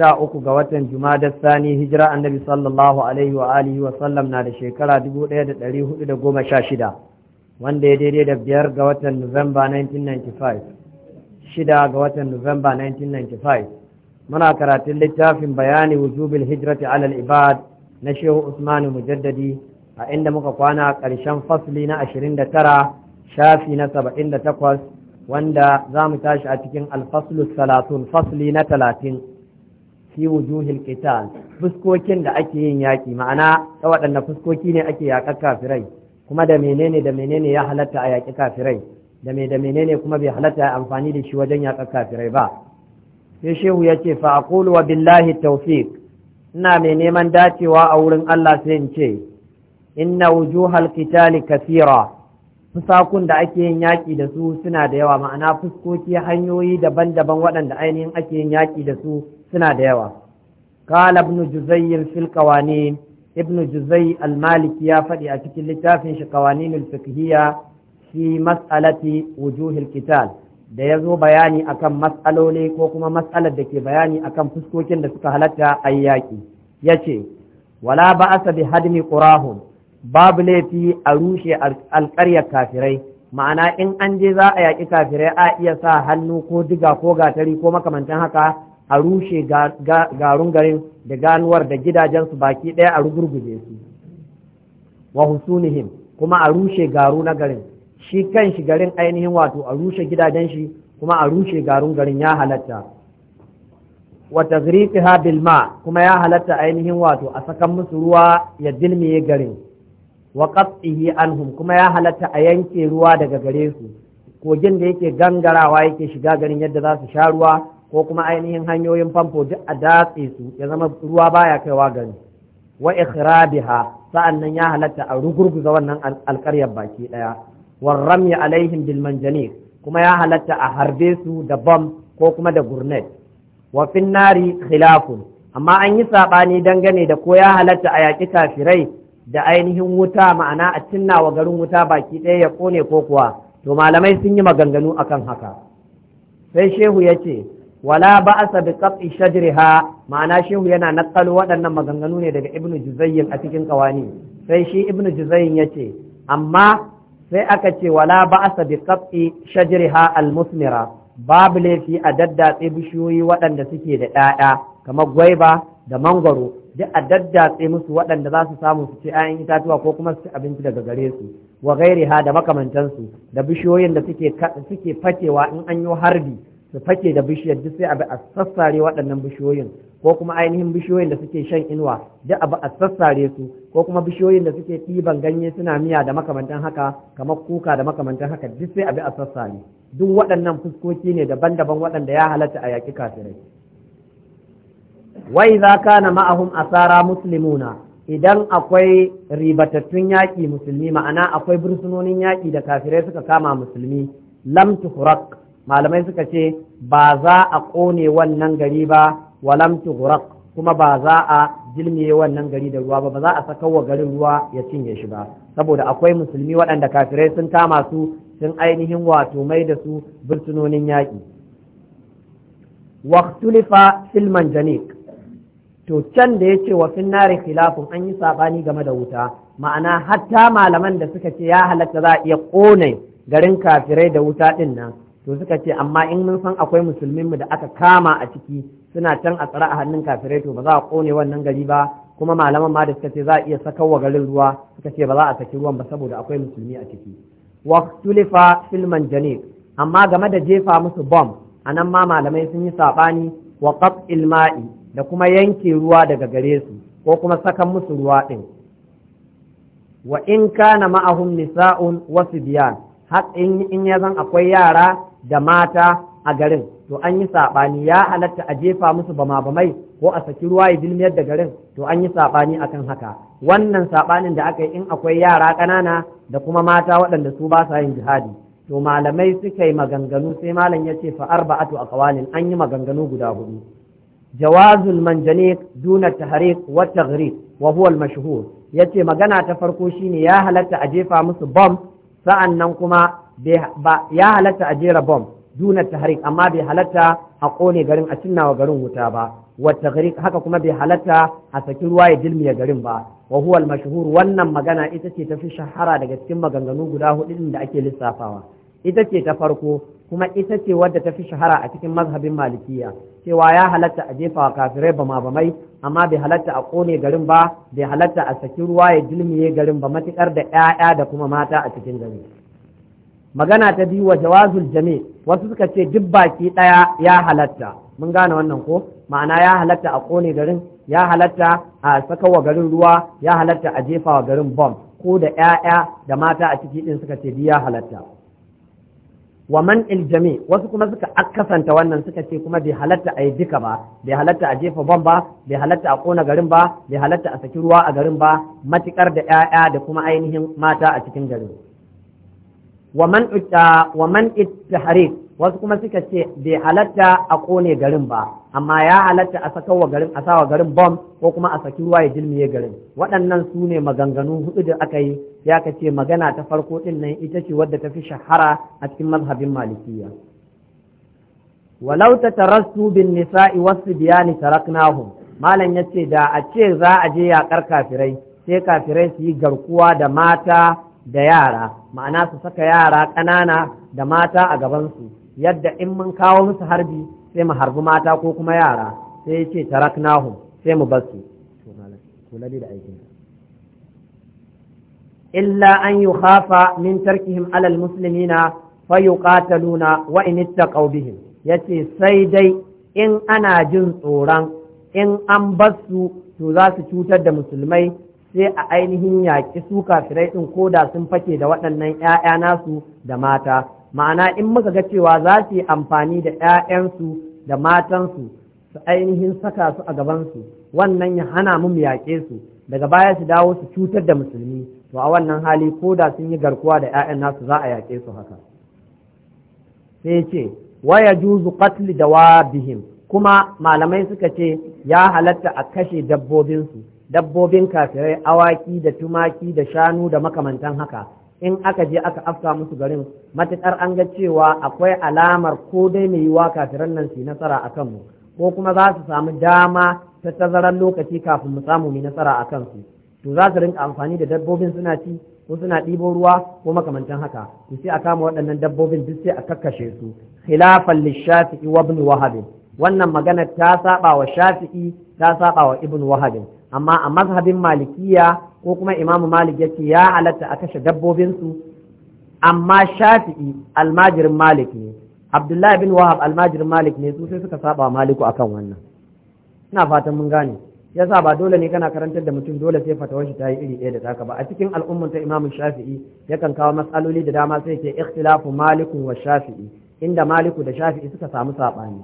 sha uku ga watan Jumadar Sani hijira annabi sallallahu alaihi wa alihi wa sallam na da shekara 1416 wanda ya daidai da biyar ga watan Nuwamba 1995 shida ga watan Nuwamba 1995 muna karatun littafin bayani wujubil hijrati alal ibad na Shehu Usman Mujaddadi a inda muka kwana ƙarshen fasli na 29 shafi na 78 wanda za mu tashi a cikin alfaslu salatun fasli na talatin fi wujuhil qital fuskokin da ake yin yaki ma'ana ta waɗanne fuskoki ne ake yaƙar kafirai kuma da menene da menene ya halatta a yaƙi kafirai da me da menene kuma bai halatta a amfani da shi wajen yaƙar kafirai ba sai shehu ya ce fa aqulu wa billahi tawfiq ina mai neman dacewa a wurin Allah sai in ce inna wujuhal qital kathira fusakun da ake yin yaƙi da su suna da yawa ma'ana fuskoki hanyoyi daban-daban waɗanda ainihin ake yin yaƙi da su suna da yawa kala ibn juzayy fil qawanin ibn juzayy al maliki ya faɗi a cikin littafin shi qawanin al fiqhiyya fi mas'alati da ya zo bayani akan mas'aloli ko kuma mas'alar da ke bayani akan fuskokin da suka halatta a yaƙi ya ce wala ba'asa bi hadmi qurahum babu laifi a rushe alƙaryar kafirai ma'ana in an je za a yaƙi kafirai a iya sa hannu ko diga ko gatari ko makamantan haka a rushe garun garin da ganuwar da gidajensu baki ɗaya a rugurguje su wa husunihim kuma a rushe garu na garin shi kan shi garin ainihin wato a rushe gidajen shi kuma a rushe garun garin ya halatta wa tazrifiha bil ma kuma ya halatta ainihin wato a sakan musu ruwa ya dilmiye garin wa qat'ihi anhum kuma ya halatta a yanke ruwa daga gare su kogin da yake gangarawa yake shiga garin yadda za su sha ruwa ko kuma ainihin hanyoyin famfo duk a datse su ya zama ruwa baya kaiwa gari wa ikhrabiha sa'annan ya halatta a rugurguza wannan alƙaryar baki daya ya alaihim bil manjani kuma ya halatta a harbe su da bom ko kuma da gurnet wa fin nari khilafun amma an yi sabani dangane da ko ya halatta a yaƙi kafirai da ainihin wuta ma'ana a cinna wa garin wuta baki ɗaya ya kone ko kuwa to malamai sun yi maganganu akan haka sai shehu ya ce wala ba'asa bi qat'i shajriha ma'ana shehu yana naqalu waɗannan maganganu ne daga ibnu juzayyin a cikin ƙawani. sai shi ibnu juzayyin yace amma sai aka ce wala ba'asa bi qat'i shajriha al-musmira babu laifi a daddatse bishiyoyi waɗanda suke da ɗaya kamar gwaiba da mangwaro duk a daddatse musu waɗanda za su samu su 'ya'yan itatuwa ko kuma su abinci daga gare su wa gairiha da makamantansu da bishiyoyin da suke suke fatewa in an yi harbi su fake da bishiyar duk sai abu a sassare waɗannan bishiyoyin ko kuma ainihin bishiyoyin da suke shan inuwa duk abu a sassare su ko kuma bishiyoyin da suke ɗiban ganye suna miya da makamantan haka kamar kuka da makamantan haka duk sai abu a sassare duk waɗannan fuskoki ne daban-daban waɗanda ya halatta a yaƙi kafirai wai za ka na ma'ahum asara muslimuna idan akwai ribatattun yaƙi musulmi ma'ana akwai bursunonin yaƙi da kafirai suka kama musulmi lam tuhrak malamai suka ce ba za a ƙone wannan gari ba walam tughraq kuma ba za a jilmiye wannan gari da ruwa ba ba za a saka wa garin ruwa ya cinye shi ba saboda akwai musulmi waɗanda kafirai sun kama su sun ainihin wato mai da su burtunonin yaƙi waktulifa filman janik to can da ya ce wa finnari khilafun an yi saɓani game da wuta ma'ana hatta malaman da suka ce ya halatta za a iya ƙone garin kafirai da wuta ɗin nan to suka ce amma in mun san akwai musulmin mu da aka kama a ciki suna can a tsara a hannun kafirai to ba za a kone wannan gari ba kuma malaman ma da suka ce za a iya wa garin ruwa suka ce ba za a saki ruwan ba saboda akwai musulmi a ciki Wa tulifa Filman manjanik amma game da jefa musu a nan ma malamai sun yi saɓani wa qat'il ma'i da kuma yanke ruwa daga gare su ko kuma sakan musu ruwa ɗin. wa in kana ma'ahum nisa'un wasu biyan har in ya zan akwai yara da mata a garin to an yi saɓani ya halatta a jefa musu bama bamai ko a saki ruwa ya bilmiyar da garin to an yi saɓani akan haka wannan saɓanin da aka yi in akwai yara ƙanana da kuma mata waɗanda su ba sa yin jihadi to malamai suka yi maganganu sai malam ya ce fa'ar to a aqwalin an yi maganganu guda hudu jawazul manjani duna ta wa taghrib wa huwa al mashhur yace magana ta farko shine ya halatta a jefa musu bomb nan kuma ya halatta a jera bom duna tahrik amma bai halatta a kone garin a cinnawa garin wuta ba wa tahrik haka kuma bai halatta a saki ruwa ya dilmiya garin ba wa huwa al-mashhur wannan magana ita ce tafi shahara daga cikin maganganu guda hudu da ake lissafawa ita ce ta farko kuma ita ce wadda ta fi shahara a cikin mazhabin malikiya cewa ya halatta a jefa kafirai ba ma bamai amma bai halatta a kone garin ba bai halatta a saki ruwa ya dilmiye garin ba matukar da 'ya'ya da kuma mata a cikin gari magana ta biyu wa jawazul jami wasu suka ce duk baki ɗaya ya halatta mun gane wannan ko ma'ana ya halatta a kone garin ya halatta a sakawa garin ruwa ya halatta a jefa wa garin bom ko da ƴaƴa da mata a ciki din suka ce ya halatta wa man iljami wasu kuma suka akasanta wannan suka ce kuma bai halatta a yi duka ba bai halatta a jefa bom ba bai halatta a kona garin ba bai halatta a saki ruwa a garin ba matukar da ƴaƴa da kuma ainihin mata a cikin garin wa man wa man ittaharif wasu kuma suka ce bai halatta a kone garin ba amma ya halatta a saka wa garin a sawa garin bom ko kuma a saki ruwa ya dilmiye garin waɗannan su ne maganganu hudu da aka yi ya ka magana ta farko din nan ita ce wadda ta fi shahara a cikin mazhabin malikiyya walau ta bin nisa'i wasu biyani taraknahum malam yace da a ce za a je yaƙar kafirai sai kafirai su yi garkuwa da mata da yara ma'ana su saka yara ƙanana da mata a gabansu yadda in mun kawo musu harbi sai mu harbi mata ko kuma yara sai ya ce taraknahum sai mu basu illa an yi khafa min tarkihim alal muslimina fa yuqataluna wa in ittaqaw bihim yace sai dai in ana jin tsoron in an basu to za su cutar da musulmai sai a ainihin yaƙi su kafirai ɗin ko da sun fake da waɗannan 'ya'ya nasu da mata ma'ana in muka ga cewa za su yi amfani da 'ya'yansu da matansu su ainihin saka su a gabansu wannan ya hana mu yaƙe su daga baya su dawo su cutar da musulmi to a wannan hali ko da sun yi garkuwa da 'ya'yan nasu za a yaƙe su haka sai ce waya juzu qatl dawabihim kuma malamai suka ce ya halatta a kashe dabbobinsu dabbobin kafirai awaki da tumaki da shanu da makamantan haka in aka je aka afka musu garin matuƙar an ga cewa akwai alamar ko dai mai yiwa kafiran nan su nasara a kanmu ko kuma za su samu dama ta tazarar lokaci kafin mu samu mai nasara a kansu to za su rinka amfani da dabbobin suna ci ko suna ɗibo ruwa ko makamantan haka to sai a kama waɗannan dabbobin duk sai a kakkashe su khilafan lishafi'i wa ibn wahab wannan magana ta saba wa shafi'i ta saba wa ibn wahab amma a mazhabin malikiya ko kuma imamu malik ya ce ya halatta a kashe dabbobinsu amma shafi'i almajirin malik ne abdullahi bin wahab almajirin malik ne su sai suka saba maliku akan wannan ina fatan mun gane yasa ba dole ne kana karantar da mutum dole sai fatawar shi ta yi iri ɗaya da taka ba a cikin al'ummar ta imamu shafi'i yakan kawo matsaloli da dama sai ke ikhtilafu malikun wa shafi'i inda maliku da shafi'i suka samu saɓani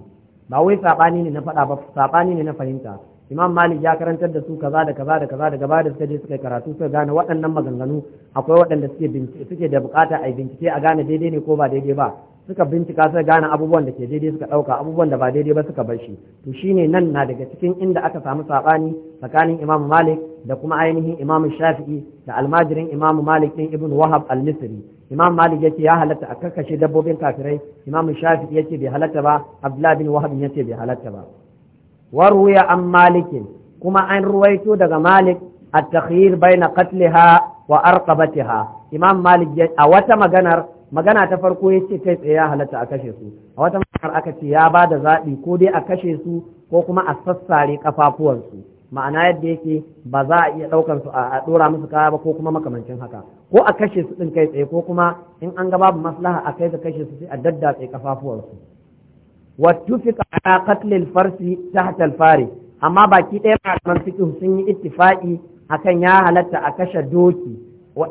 ba wai saɓani ne na faɗa ba saɓani ne na fahimta imam malik ya karantar da su kaza da kaza da kaza da gaba da suka je suka karatu suka gane waɗannan maganganu akwai waɗanda suke suke da bukata a bincike a gane daidai ne ko ba daidai ba suka bincika suka gane abubuwan da ke daidai suka ɗauka abubuwan da ba daidai ba suka bar shi to shine nan na daga cikin inda aka samu sabani tsakanin imam malik da kuma ainihin imam shafi'i da almajirin imam malik din ibn wahab al-misri imam malik yake ya halatta a karkashe dabbobin kafirai imam shafi'i yake bai halatta ba abdullah bin wahab yake bai halatta ba waruya an malikin kuma an ruwaito daga malik at-takhyir baina qatliha wa arqabatiha imam malik a wata magana ta farko ya ce kai tsaye ya halatta a kashe su a wata maganar aka ce ya ba da zaɓi ko dai a kashe su ko kuma a sassare kafafuwansu ma'ana yadda yake ba za a iya ɗaukar su a ɗora musu kaya ba ko kuma makamancin haka ko a kashe su ɗin kai tsaye ko kuma in an ga babu maslaha a kai ka kashe su sai a daddatse ƙafafuwansu. wattufiqa ala qatl al-farsi ta fari. amma baki ɗaya malaman fiqh sun yi ittifaqi akan ya halatta a kashe doki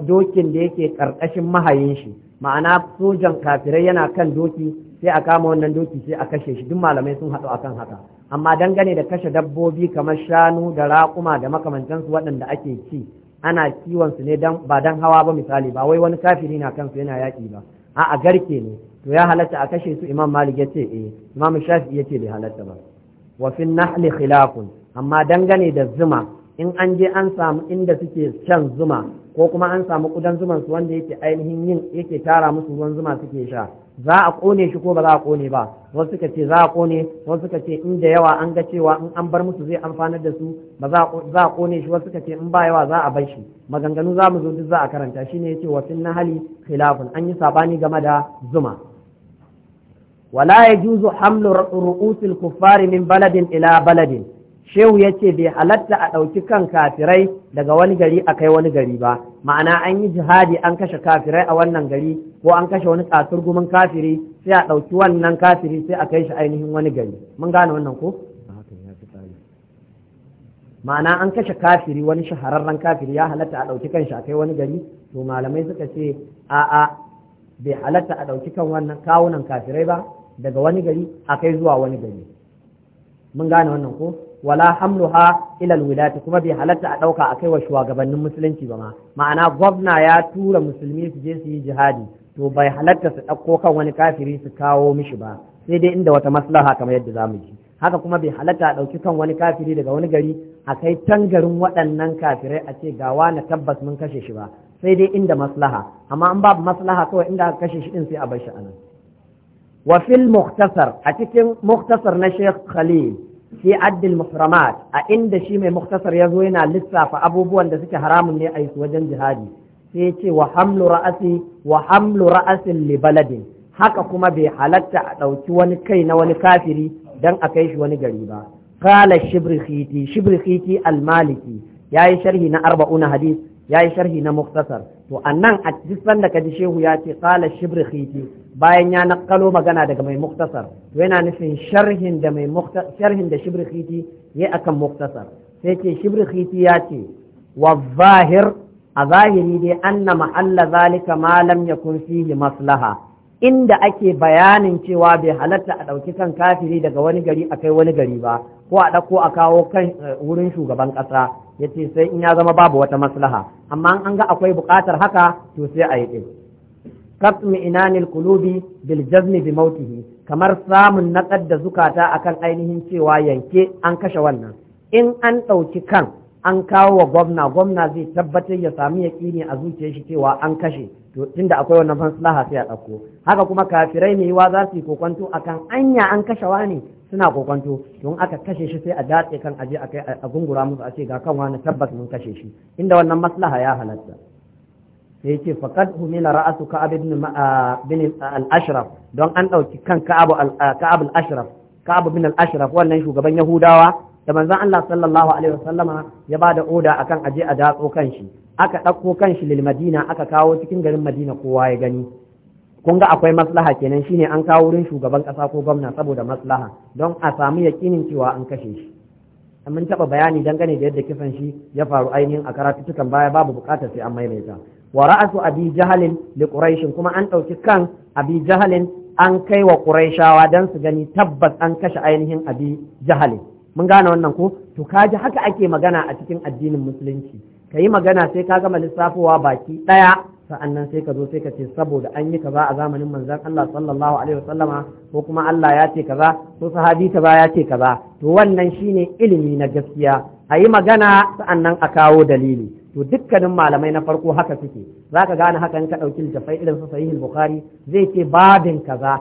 dokin da yake karkashin mahayin shi ma'ana sojan kafirai yana kan doki sai a kama wannan doki sai a kashe shi duk malamai sun haɗu akan haka amma dangane da kashe dabbobi kamar shanu da raƙuma da makamantansu waɗanda ake ci ana kiwon su ne dan ba dan hawa ba misali ba wai wani kafiri na kansu yana yaƙi ba a'a garke ne to ya halatta a kashe su imam malik yace eh imam shafi yace bai halatta ba wa fi nahli khilafun amma dangane da zuma in an je an samu inda suke shan zuma ko kuma an samu kudan zuman su wanda yake ainihin yin yake tara musu ruwan zuma suke sha za a kone shi ko ba za a kone ba wasu suka ce za a kone wasu suka ce in da yawa an ga cewa in an bar musu zai amfanar da su ba za a kone shi wasu suka ce in ba yawa za a bar shi maganganu za mu zo duk za a karanta shine yace wa na hali khilafun an yi sabani game da zuma wala ya juzu رؤوس الكفار من min baladin ila baladin shehu ya ce bai halatta a ɗauki kan kafirai daga wani gari a kai wani gari ba ma'ana an yi jihadi an kashe kafirai a wannan gari ko an kashe wani kasurgumin kafiri sai a ɗauki wannan kafiri sai a kai shi ainihin wani gari mun gane wannan ko ma'ana an kashe kafiri wani shahararren kafiri ya halatta a ɗauki kan shi a kai wani gari to malamai suka ce a'a bai halatta a ɗauki kan wannan kawunan kafirai ba daga wani gari a kai zuwa wani gari mun gane wannan ko wala hamluha ilal wilati kuma bai halatta a ɗauka a kai wa shugabannin musulunci ba ma ma'ana gwamna ya tura musulmi su je su yi jihadi to bai halatta su ɗauko kan wani kafiri su kawo mishi ba sai dai inda wata maslaha kamar yadda za mu ji haka kuma bai halatta a ɗauki kan wani kafiri daga wani gari a kai can garin waɗannan kafirai a ce ga wani tabbas mun kashe shi ba sai dai inda maslaha amma an babu maslaha kawai inda aka kashe shi din sai a bar shi anan wa muktasar a cikin muktasar na Sheikh Khalil fi addil muhramat a inda shi mai muktasar ya zo yana lissafa abubuwan da suke haramun ne a yi wajen jihadi sai ce wa hamlu ra'asin li baladin haka kuma bai halatta a ɗauki wani kai na wani kafiri dan a kai shi wani gari ba qala shibrikhiti shibrikhiti al-maliki yayi sharhi na arba'una hadith yayi sharhi na muktasar to annan a cikin da kaji shehu ya ce qala shibrikhiti bayan ya nakalo magana daga mai muktasar yana nufin sharhin da mai sharhin da shibr khiti yayi akan muktasar sai ce shibr khiti ya ce wa zahir a zahiri dai anna ma'alla zalika ma lam yakun fihi maslaha inda ake bayanin cewa bai halatta a ɗauki kan kafiri daga wani gari a kai wani gari ba ko a ɗauko a kawo kan eh, wurin shugaban ƙasa ya ce sai in ya zama babu wata maslaha amma an ga akwai buƙatar haka to sai a yi ɗin qatmi inanil qulubi bil bi mautihi kamar samun naƙad da zukata akan ainihin cewa yanke an kashe wannan in an ɗauki kan an kawo wa gwamna gwamna zai tabbatar ya sami yaƙini a zuciyar shi cewa an kashe to tunda akwai wannan maslaha sai a ɗauko haka kuma kafirai ne wa za su yi kokonto akan anya an kashe ne, suna kokonto don aka kashe shi sai a datse kan aje a a gungura musu a ce ga kan wani tabbas mun kashe shi inda wannan maslaha ya halatta da yake faqad humila ra'su ka'ab ibn ah, bin al-ashraf don an dauki kan ka'ab ah, ka'ab al-ashraf ka'ab bin al-ashraf wannan shugaban yahudawa da manzon Allah sallallahu alaihi wasallama ya bada oda akan aje a datso kan shi aka dauko kan shi lil madina aka kawo cikin garin madina kowa ya gani kun ga akwai maslaha kenan shine an kawo wurin shugaban kasa ko gwamna saboda maslaha don a samu yakinin cewa an kashe shi mun taɓa bayani dangane da yadda kisan shi ya faru ainihin a karatutukan baya babu bukatar sai an maimaita wa ra'asu abi jahalin li kuma an ɗauki kan abi jahalin an kai wa quraishawa dan su gani tabbas an kashe ainihin abi jahalin mun gane wannan ko to kaji haka ake magana a cikin addinin musulunci kayi magana sai ka gama lissafowa baki ɗaya sa'annan sai ka zo sai ka ce saboda an yi kaza a zamanin manzon Allah sallallahu alaihi wasallama ko kuma Allah ya ce kaza ko sahabi ta ba ya ce kaza to wannan shine ilimi na gaskiya a yi magana sa'annan a kawo dalili to dukkanin malamai na farko haka suke zaka gane haka in ka ɗauki littafai irin su sahihul bukhari zai ce babin kaza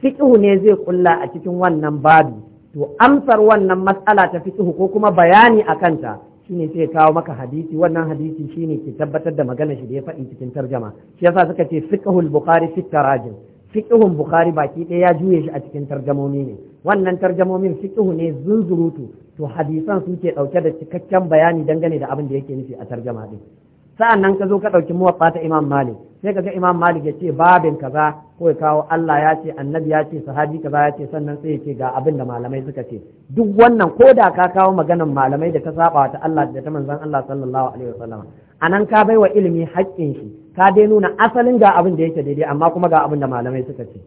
fiqhu ne zai kulla a cikin wannan babi to amsar wannan matsala ta fiqhu ko kuma bayani a kanta shine sai kawo maka hadisi wannan hadisi shine ke tabbatar da magana shi da ya faɗi cikin tarjama shi yasa suka ce fiqhul bukhari fi tarajim fiqhun bukhari baki ɗaya ya juye shi a cikin tarjamomi ne wannan tarjamomin fiƙihu ne zunzurutu to hadisan suke ɗauke da cikakken bayani dangane da abin da yake nufi a tarjama ɗin. sa'an nan ka zo ka ɗauki muwaffa ta Imam Malik sai ka ga Imam Malik ya ce babin kaza ko ya kawo Allah ya ce annabi ya ce sahabi kaza ya ce sannan sai ya ce ga abin da malamai suka ce duk wannan ko da ka kawo maganan malamai da ta saba ta Allah da ta manzon Allah sallallahu alaihi wasallam anan ka baiwa ilimi haƙƙin shi ka dai nuna asalin ga abin da yake daidai amma kuma ga abin da malamai suka ce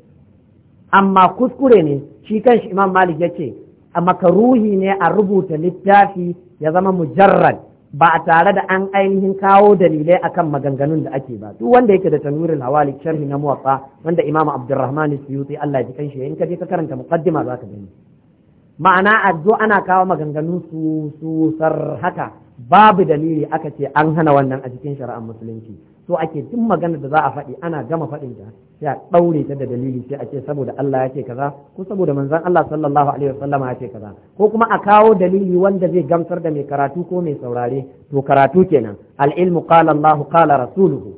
amma kuskure ne shi kanshi imam malik ya ce a makaruhi ne a rubuta littafi ya zama mujarrad ba a tare da an ainihin kawo dalilai akan maganganun da ake ba duk wanda yake da tanwirin hawali sharhi na muwaffa wanda imam abdurrahman suyuti Allah ya ji kanshi in ka je ka karanta muqaddima ka gani ma'ana addu'a ana kawo maganganun su su sar haka babu dalili aka ce an hana wannan a cikin shari'ar musulunci so ake duk magana da za a faɗi ana gama faɗin ta sai a ɗaure ta da dalili sai a ce saboda Allah ya ce kaza ko saboda manzon Allah sallallahu alaihi wasallama ya ce kaza ko kuma a kawo dalili wanda zai gamsar da mai karatu ko mai saurare to karatu kenan al ilmu qala Allah qala rasuluhu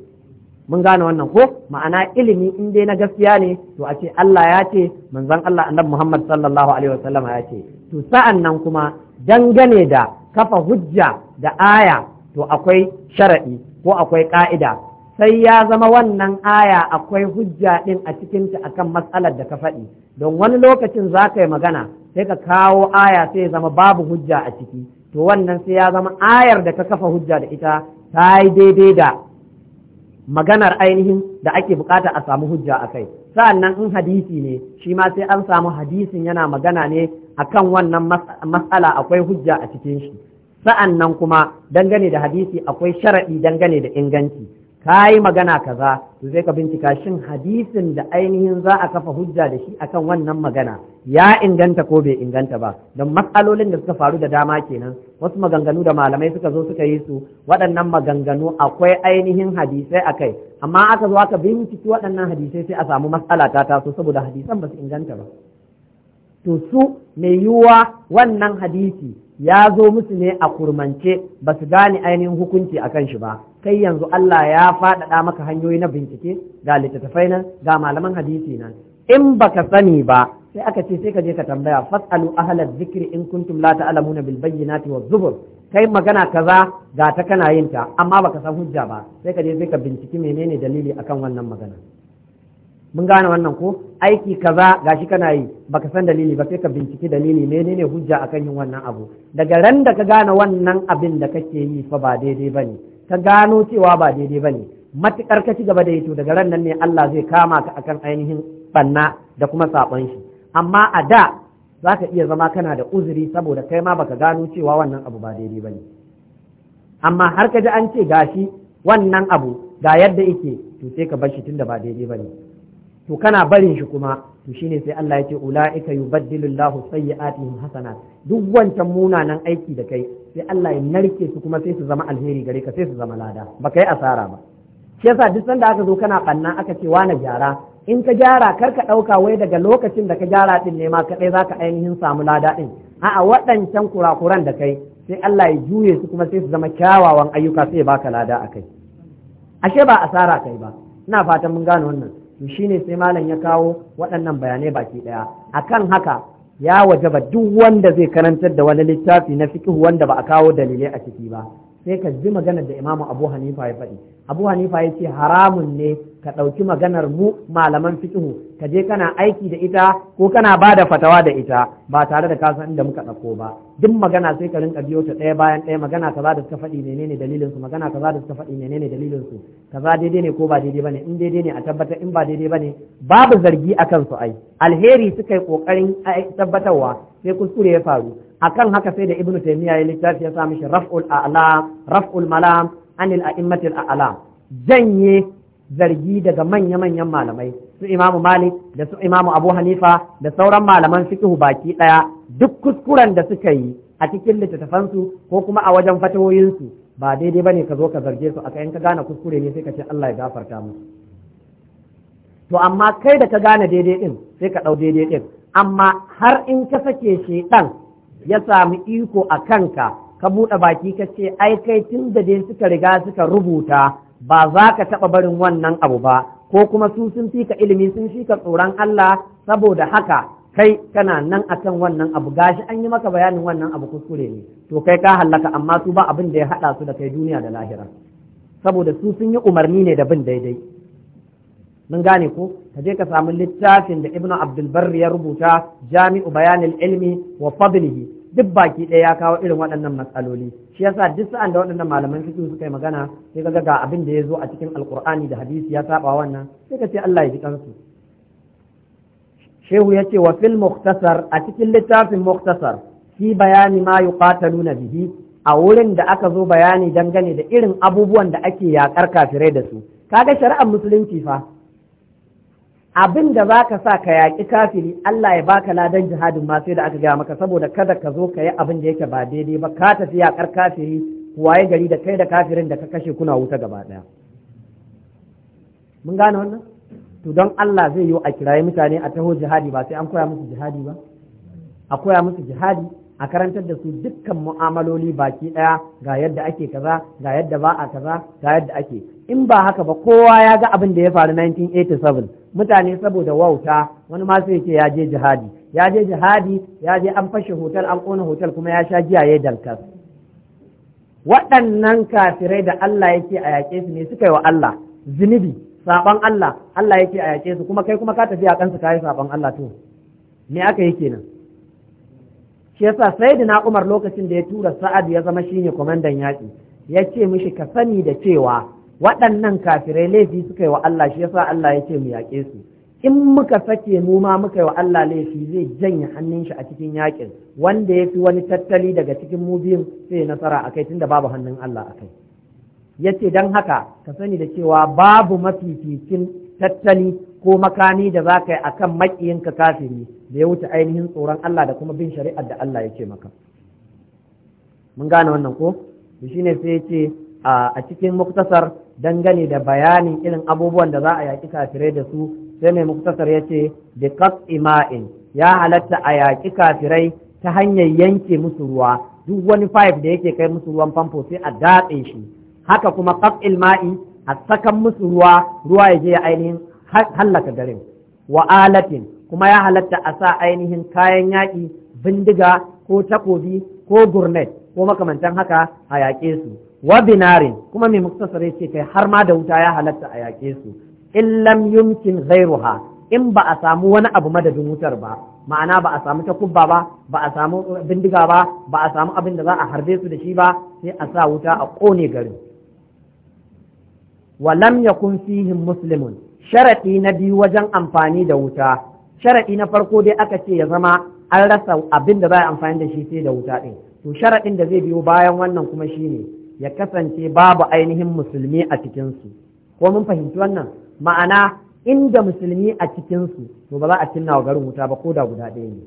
mun gane wannan ko ma'ana ilimi in dai na gaskiya ne to a ce Allah ya ce manzon Allah annabi Muhammad sallallahu alaihi wasallama ya ce to sa'an nan kuma dangane da kafa hujja da aya to akwai sharaɗi ko akwai ƙa'ida sai ya zama wannan aya akwai hujja ɗin a cikinta akan matsalar da ka faɗi don wani lokacin za ka yi magana sai ka kawo aya sai ya zama babu hujja a ciki to wannan sai ya zama ayar da ka kafa hujja da ita ta yi daidai da maganar ainihin da ake bukata a samu hujja a kai sa'annan in hadisi ne shi ma sai an samu hadisin yana magana ne akan wannan matsala akwai hujja a cikin shi sa'an nan kuma dangane da hadisi akwai sharaɗi dangane da inganci ka yi magana kaza to sai ka bincika shin hadisin da ainihin za a kafa hujja da shi akan wannan magana ya inganta ko bai inganta ba don matsalolin da suka faru da dama kenan wasu maganganu da malamai suka zo suka yi su waɗannan maganganu akwai ainihin hadisai a kai amma aka zo aka binciki waɗannan hadisai sai a samu matsala ta taso saboda hadisan ba su inganta ba to su mai yiwuwa wannan hadisi ya zo musu ne a kurmance ba su gane ainihin hukunci a kan shi ba kai yanzu Allah ya faɗaɗa maka hanyoyi na bincike ga littattafai nan ga malaman hadisi nan in ba ka sani ba sai aka ce sai ka je ka tambaya fasalu ahlal zikri in kuntum la ta'lamuna bil bayyinati wa zubur kai magana kaza ga ta kana yin ta amma baka san hujja ba sai ka je sai ka binciki menene dalili akan wannan magana mun gane wannan ko aiki kaza gashi kana yi baka san dalili ba sai ka binciki dalili menene hujja akan yin wannan abu daga ran da ka gane wannan abin da kake yi fa ba daidai bane ka gano cewa ba daidai bane matukar ka ci gaba da to daga ran nan ne Allah zai kama ka akan ainihin banna da kuma sabon shi amma a da za ka iya zama kana da uzuri saboda kai ma baka gano cewa wannan abu ba daidai bane amma har ka ji an ce gashi wannan abu ga yadda yake to sai ka bar shi tunda ba daidai bane to kana barin shi kuma to shine sai Allah yake ulaika yubaddilu Allahu sayyi'atihim hasanat duk wancan munanan aiki da kai sai Allah ya narke su kuma sai su zama alheri gare ka sai su zama lada ba kai asara ba shi yasa duk sanda aka zo kana kanna aka ce na gyara in ka gyara kar ka ɗauka wai daga lokacin da ka gyara ɗin ne ma kaɗai zaka ainihin samu lada ɗin a'a waɗancan kurakuran da kai sai Allah ya juye su kuma sai su zama kyawawan ayyuka sai ya baka lada a ashe ba asara kai ba ina fatan mun gane wannan to shine sai malam ya kawo waɗannan bayanai baki ɗaya a kan haka ya wajaba duk wanda zai karantar da wani littafi na fiqh wanda ba a kawo dalilai a ciki ba sai ka ji maganar da imamu abu hanifa ya faɗi abu hanifa ya ce haramun ne ka ɗauki maganar mu malaman fikihu ka je kana aiki da ita ko kana ba da fatawa da ita ba tare da kasan inda muka ɗauko ba duk magana sai ka rinka biyo ta ɗaya bayan ɗaya magana kaza da suka faɗi menene dalilin su magana kaza da suka faɗi menene dalilin kaza daidai ne ko ba daidai ne? in daidai ne a tabbatar in ba daidai bane babu zargi akan su ai alheri suka yi kokarin tabbatarwa sai kuskure ya faru akan haka sai da ibnu taymiya ya littafi ya sa mishi raf'ul a'la raf'ul malam anil a'immatil a'la janye zargi daga manya-manyan malamai su imamu malik da su imamu abu hanifa da sauran malaman fiqhu baki daya duk kuskuren da suka yi a cikin littattafansu ko kuma a wajen fatawoyinsu ba daidai bane ka zo ka zarge su aka in ka gane kuskure ne sai ka ce Allah ya gafarta musu to amma kai da ka gane daidai din sai ka ɗau daidai din amma har in ka sake shi ɗan, ya samu iko a kanka ka buɗe baki ka ce ai kai tun da dai suka riga suka rubuta ba za ka taɓa barin wannan abu ba ko kuma su sun fika ilimi sun fika tsoron Allah saboda haka kai kana nan akan wannan abu gashi an yi maka bayanin wannan abu kuskure ne to kai ka hallaka amma su ba abin da ya haɗa su da kai duniya da lahira saboda su sun yi umarni ne da bin daidai mun gane ko ka je ka samu littafin da ibnu abdul ya rubuta jami'u bayanil ilmi wa fadlihi duk baki ɗaya ya kawo irin waɗannan matsaloli shi yasa duk sa'an da waɗannan malaman fiqh suka yi magana sai kaga ga abin da ya zo a cikin Alkur'ani da hadisi ya saba wannan sai ka ce Allah ya ji kansu shehu ya ce wa fil muktasar a cikin littafin muktasar fi bayani ma nuna bihi a wurin da aka zo bayani dangane da irin abubuwan da ake yakar kafirai da su kaga shari'ar musulunci fa abin da za ka sa ka yaƙi kafiri Allah ya baka ladan jihadin ma sai da aka gaya maka saboda kada ka zo ka yi abin da yake ba daidai ba ka tafi yaƙar kafiri waye gari da kai da kafirin da ka kashe kuna wuta gaba ɗaya mun gane wannan to don Allah zai yi a kiraye mutane a taho jihadi ba sai an koya musu jihadi ba a koya musu jihadi a karantar da su dukkan mu'amaloli baki ɗaya ga yadda ake kaza ga yadda ba a kaza ga yadda ake in ba haka ba kowa ya ga abin da ya faru 1987 mutane saboda wauta wani ma sai ce ya je jihadi ya je jihadi ya je an fashe hotel an kona hotel kuma ya sha giya ya dalkas waɗannan kafirai da Allah yake a yaƙe su ne suka yi wa Allah zunubi saban Allah Allah yake a yake su kuma kai kuma ka tafi a kansu kai saban Allah to me aka yi kenan shi yasa sayyidina Umar lokacin da ya tura Sa'ad ya zama shine kwamandan yaki ya ce mishi ka sani da cewa waɗannan kafirai laifi suka yi wa Allah shi yasa Allah ya ce mu yaƙe su in muka sake mu ma muka yi wa Allah laifi zai janye hannun shi a cikin yaƙin wanda ya fi wani tattali daga cikin mu biyun sai nasara akai tunda babu hannun Allah akai ya ce don haka ka sani da cewa babu mafificin tattali ko makami da za ka yi a kan maƙiyinka kafiri da ya wuce ainihin tsoron Allah da kuma bin shari'ar da Allah ya ce maka mun gane wannan ko shi ne sai ya ce a cikin muktasar dangane da bayanin irin abubuwan da za a yaƙi kafirai da su sai mai muktasar ya ce da ima'in ya halatta a yaƙi kafirai ta hanyar yanke musu ruwa duk wani fayif da yake kai musu ruwan famfo sai a datse shi haka kuma qat'il ma'i a sakan musu ruwa ruwa ya je ya ainihin hallaka garin wa alatin kuma ya halatta a sa ainihin kayan yaƙi bindiga ko takobi ko gurnet ko makamantan haka a yaƙe su wa binarin kuma mai muktasare ce kai har ma da wuta ya halatta a yaƙe su in lam yumkin ghairuha in ba a samu wani abu madadin wutar ba ma'ana ba a samu takubba ba ba a samu bindiga ba ba a samu abin da za a harbe su da shi ba sai a sa wuta a ƙone garin wa lam yakun fihim muslimun sharadi na biyu wajen amfani da wuta sharadi na farko dai aka ce ya zama an rasa abin da za a amfani da shi sai da wuta din to sharadin da zai biyo bayan wannan kuma shine ya kasance babu ainihin musulmi a cikin su ko mun fahimci wannan ma'ana inda musulmi a cikin su to ba za a cinna wa garin wuta ba ko da guda ɗaya ne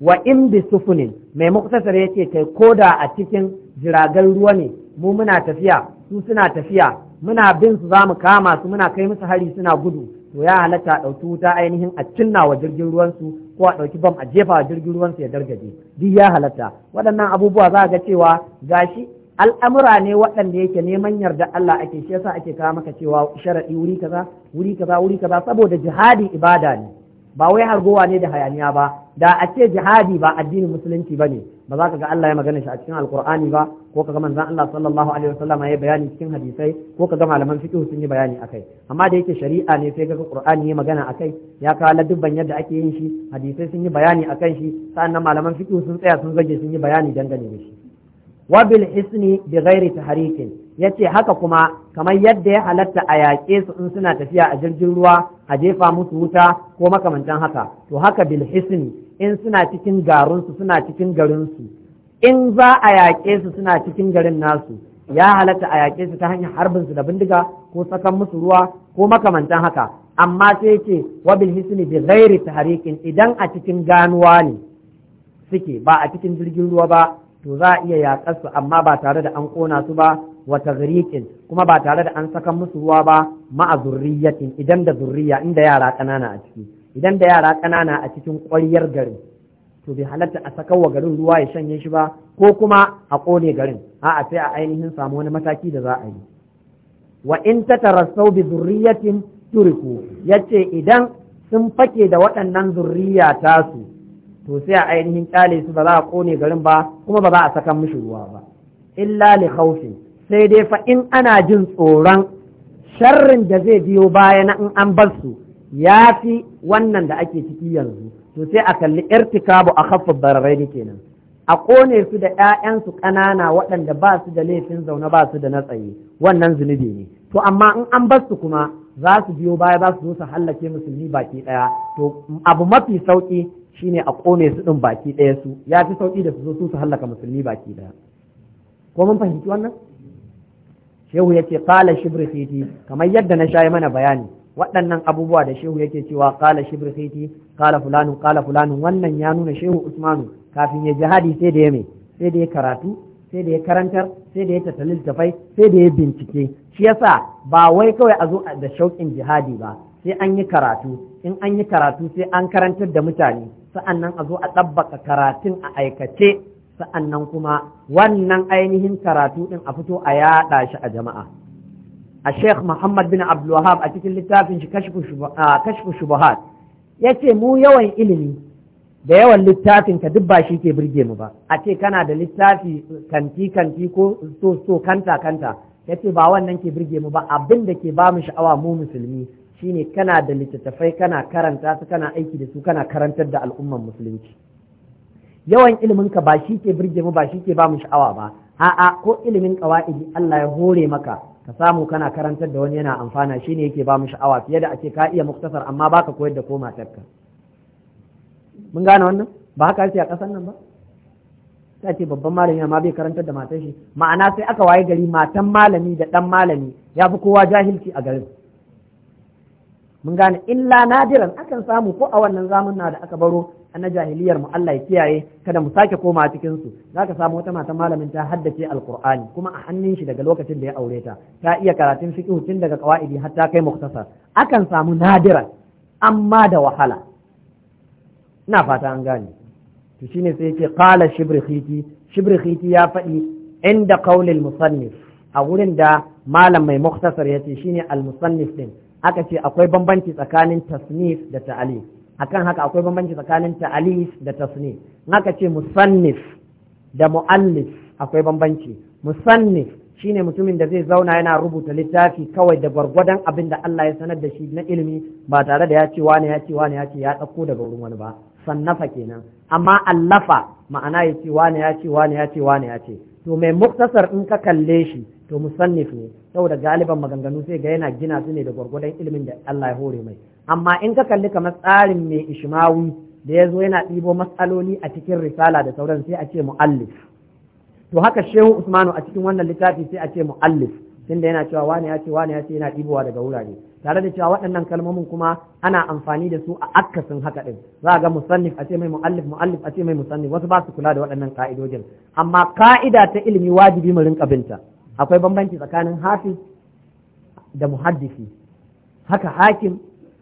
wa in bi sufunin mai muktasar yace kai ko da a cikin jiragen ruwa ne mu muna tafiya su suna tafiya muna bin su zamu kama su muna kai musu hari suna gudu to ya halatta ɗauki wuta ainihin a cinna wa jirgin ruwan su ko a ɗauki bam a jefa wa jirgin ruwan su ya dargaje duk ya halatta waɗannan abubuwa za ga cewa gashi al'amura ne waɗanda yake neman yarda Allah ake shi yasa ake kawo maka cewa sharaɗi wuri kaza wuri kaza wuri kaza saboda jihadi ibada ne ba wai hargowa ne da hayaniya ba da a ce jihadi ba addinin musulunci ba ne ba za ka ga Allah ya magana shi a cikin alkur'ani ba ko ka ga manzon Allah sallallahu alaihi wasallam ya bayani cikin hadisai ko ka ga malaman fiqh sun yi bayani akai amma da yake shari'a ne sai ga qur'ani ya magana akai ya kawo dubban yadda ake yin shi hadisai sun yi bayani akan shi sa'annan malaman fiqh sun tsaya sun zage sun yi bayani dangane da shi wa bil isni bi ghairi tahrikin yace haka kuma kamar yadda ya halatta a yaƙe su in suna tafiya a jirgin ruwa a jefa musu wuta ko makamantan haka to haka bil hisni in suna cikin garinsu suna cikin garinsu in za a yaƙe su suna cikin garin nasu ya halatta a yaƙe su ta hanyar harbin su da bindiga ko sakan musu ruwa ko makamantan haka amma sai ce wa bil hisni bi ghairi tahrikin idan a cikin ganuwa ne suke ba a cikin jirgin ruwa ba to za a iya yaƙar su amma ba tare da an ƙona su ba wa tagriqin kuma ba tare da an saka musu ruwa ba ma'a zurriyatin idan da zurriya inda yara ƙanana a ciki idan da yara ƙanana a cikin ƙwaryar garin to bai halatta a wa garin ruwa ya shanye shi ba ko kuma a ƙone garin a'a sai a ainihin samu wani mataki da za a yi wa in ta tarasau bi zurriyatin turiku ce idan sun fake da waɗannan zurriya tasu to sai a ainihin kyale su ba za a ƙone garin ba kuma ba za a sakan mishi ruwa ba illa li khawfin sai dai fa in ana jin tsoron sharrin da zai biyo baya in an bar su ya fi wannan da ake ciki yanzu to sai a kalli irtikabu a kafa bararrai kenan a kone su da ƴaƴansu ƙanana waɗanda ba su da laifin zaune ba su da na tsaye wannan zunubi ne to amma in an bar su kuma za su biyo baya za su zo su hallake musulmi baki ɗaya to abu mafi sauƙi shine a kone su ɗin baki ɗaya su ya fi sauƙi da su zo su su hallaka musulmi baki ɗaya ko mun fahimci wannan shehu ya ce Shibri titi kamar yadda na shayi mana bayani waɗannan abubuwa da shehu yake cewa shi shibrihiti ƙala fulanu ƙala fulanu wannan ya nuna shehu usmanu kafin ya jihadi sai da ya mai sai da ya karatu sai da ya karantar sai da ya tattali littafai sai da ya bincike shi yasa ba wai kawai a zo da shauƙin jihadi ba sai an yi karatu in an yi karatu sai an karantar da mutane sa'annan a zo a ɗabbaka karatun a aikace sa'annan kuma wannan ainihin karatu ɗin a fito a yaɗa shi a jama'a a Sheikh Muhammad bin Abdulwahab a cikin littafin shi kashfu shubuhat yace mu yawan ilimi da yawan littafin ka duk ba shi ke birge mu ba a ce kana da littafi kanti kanti ko so so kanta kanta yace ba wannan ke burge mu ba abin da ke ba mu sha'awa mu musulmi shine kana da littattafai kana karanta su kana aiki da su kana karantar da al'umman musulunci yawan ilimin ka ba shi ke birge mu ba shi ke ba mu sha'awa ba a'a ko ilimin qawaidi Allah ya hore maka ka samu kana karantar da wani yana amfana shi ne yake ba mu sha'awa fiye da ake ka iya muktasar amma baka koyar da ko matarka mun gane wannan ba haka ake a ƙasar nan ba ta ce babban malami amma bai karantar da matar shi ma'ana sai aka waye gari matan malami da ɗan malami ya fi kowa jahilci a garin mun gane illa nadiran akan samu ko a wannan zamun na da aka baro na jahiliyar mu Allah ya kiyaye kada mu sake koma cikin su zaka samu wata mata malamin ta haddace alqur'ani kuma a hannun shi daga lokacin da ya aure ta ta iya karatun fiqh tun daga qawaidi har ta kai muktasar akan samu nadiran amma da wahala ina fata an gane to shine sai yace qala shibrikhiti shibrikhiti ya faɗi inda qaulil musannif a wurin da malam mai muktasar yace shine al musannif din aka ce akwai bambanci tsakanin tasnif da ta'alif akan haka akwai bambanci tsakanin ta'alif da tasnif in aka ce musannif da mu'allif akwai bambanci musannif shine mutumin da zai zauna yana rubuta littafi kawai da gwargwadon abin da Allah ya sanar da shi na ilimi ba tare da ya ce wani ya ce wani ya ce ya ɗauko daga wurin wani ba sannafa kenan amma allafa ma'ana ya ce wani ya ce wani ya ce wani ya ce to mai muktasar in ka kalle shi to musannif ne saboda galiban maganganu sai ga yana gina su ne da gwargwadon ilimin da Allah ya hore mai amma in ka kalli kamar tsarin mai ishmawi da ya zo yana ɗibo matsaloli a cikin risala da sauran sai a ce mu'allif to haka shehu usmanu a cikin wannan littafi sai a ce mu'allif tunda yana cewa wani ya ce wani ya ce yana ɗibowa daga wurare tare da cewa waɗannan kalmomin kuma ana amfani da su a akasin haka ɗin za a ga musannif a ce mai mu'allif mu'allif a ce mai musannif wasu ba su kula da waɗannan ka'idojin amma ka'ida ta ilimi wajibi mu rinka binta akwai bambanci tsakanin hafi da muhaddisi haka hakim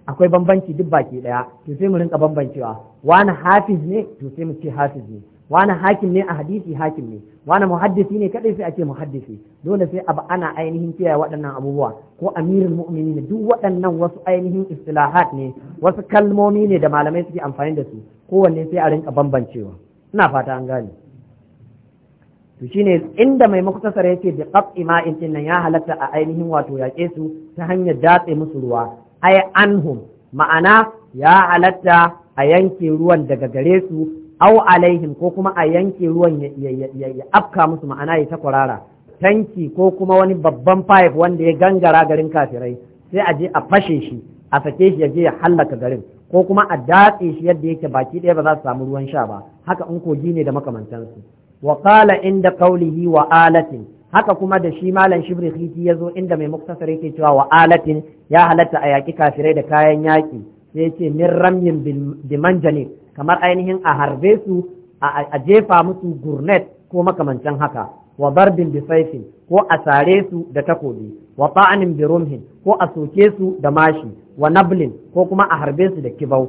akwai bambanci duk baki daya to sai mu rinka bambancewa wani hafiz ne to sai mu ce hafiz ne wani hakim ne a hadisi hakim ne wani muhaddisi ne kadai sai a muhaddisi dole sai abu ana ainihin kiyaye waɗannan abubuwa ko amirul mu'minin duk waɗannan wasu ainihin istilahat ne wasu kalmomi ne da malamai suke amfani da su kowanne sai a rinka bambancewa ina fata an gane to shine inda mai muktasar yake da qat ima'in din ya halatta a ainihin wato yaƙe su ta hanyar datse musu ruwa ay anhum ma'ana ya halatta a yanke ruwan daga gare su au alaihim ko kuma a yanke ruwan ya afka musu ma'ana ya ta kwarara tanki ko kuma wani babban faif wanda ya gangara garin kafirai sai a je a fashe shi a sake shi ya je ya hallaka garin ko kuma a datse shi yadda yake baki ɗaya ba za su samu ruwan sha ba haka in kogi ne da makamantansu wa qala inda qawlihi wa alatin haka kuma da shi malam shibri khiti ya zo inda mai muktasar yake cewa wa alatin ya halatta a yaƙi kafirai da kayan yaki sai ya ce min ramyin bimanjani kamar ainihin a harbe su a jefa musu gurnet ko makamancin haka wa barbin bi saifin ko a sare su da takobi wa ta'anin bi rumhin ko a soke su da mashi wa nablin ko kuma a harbe su da kibau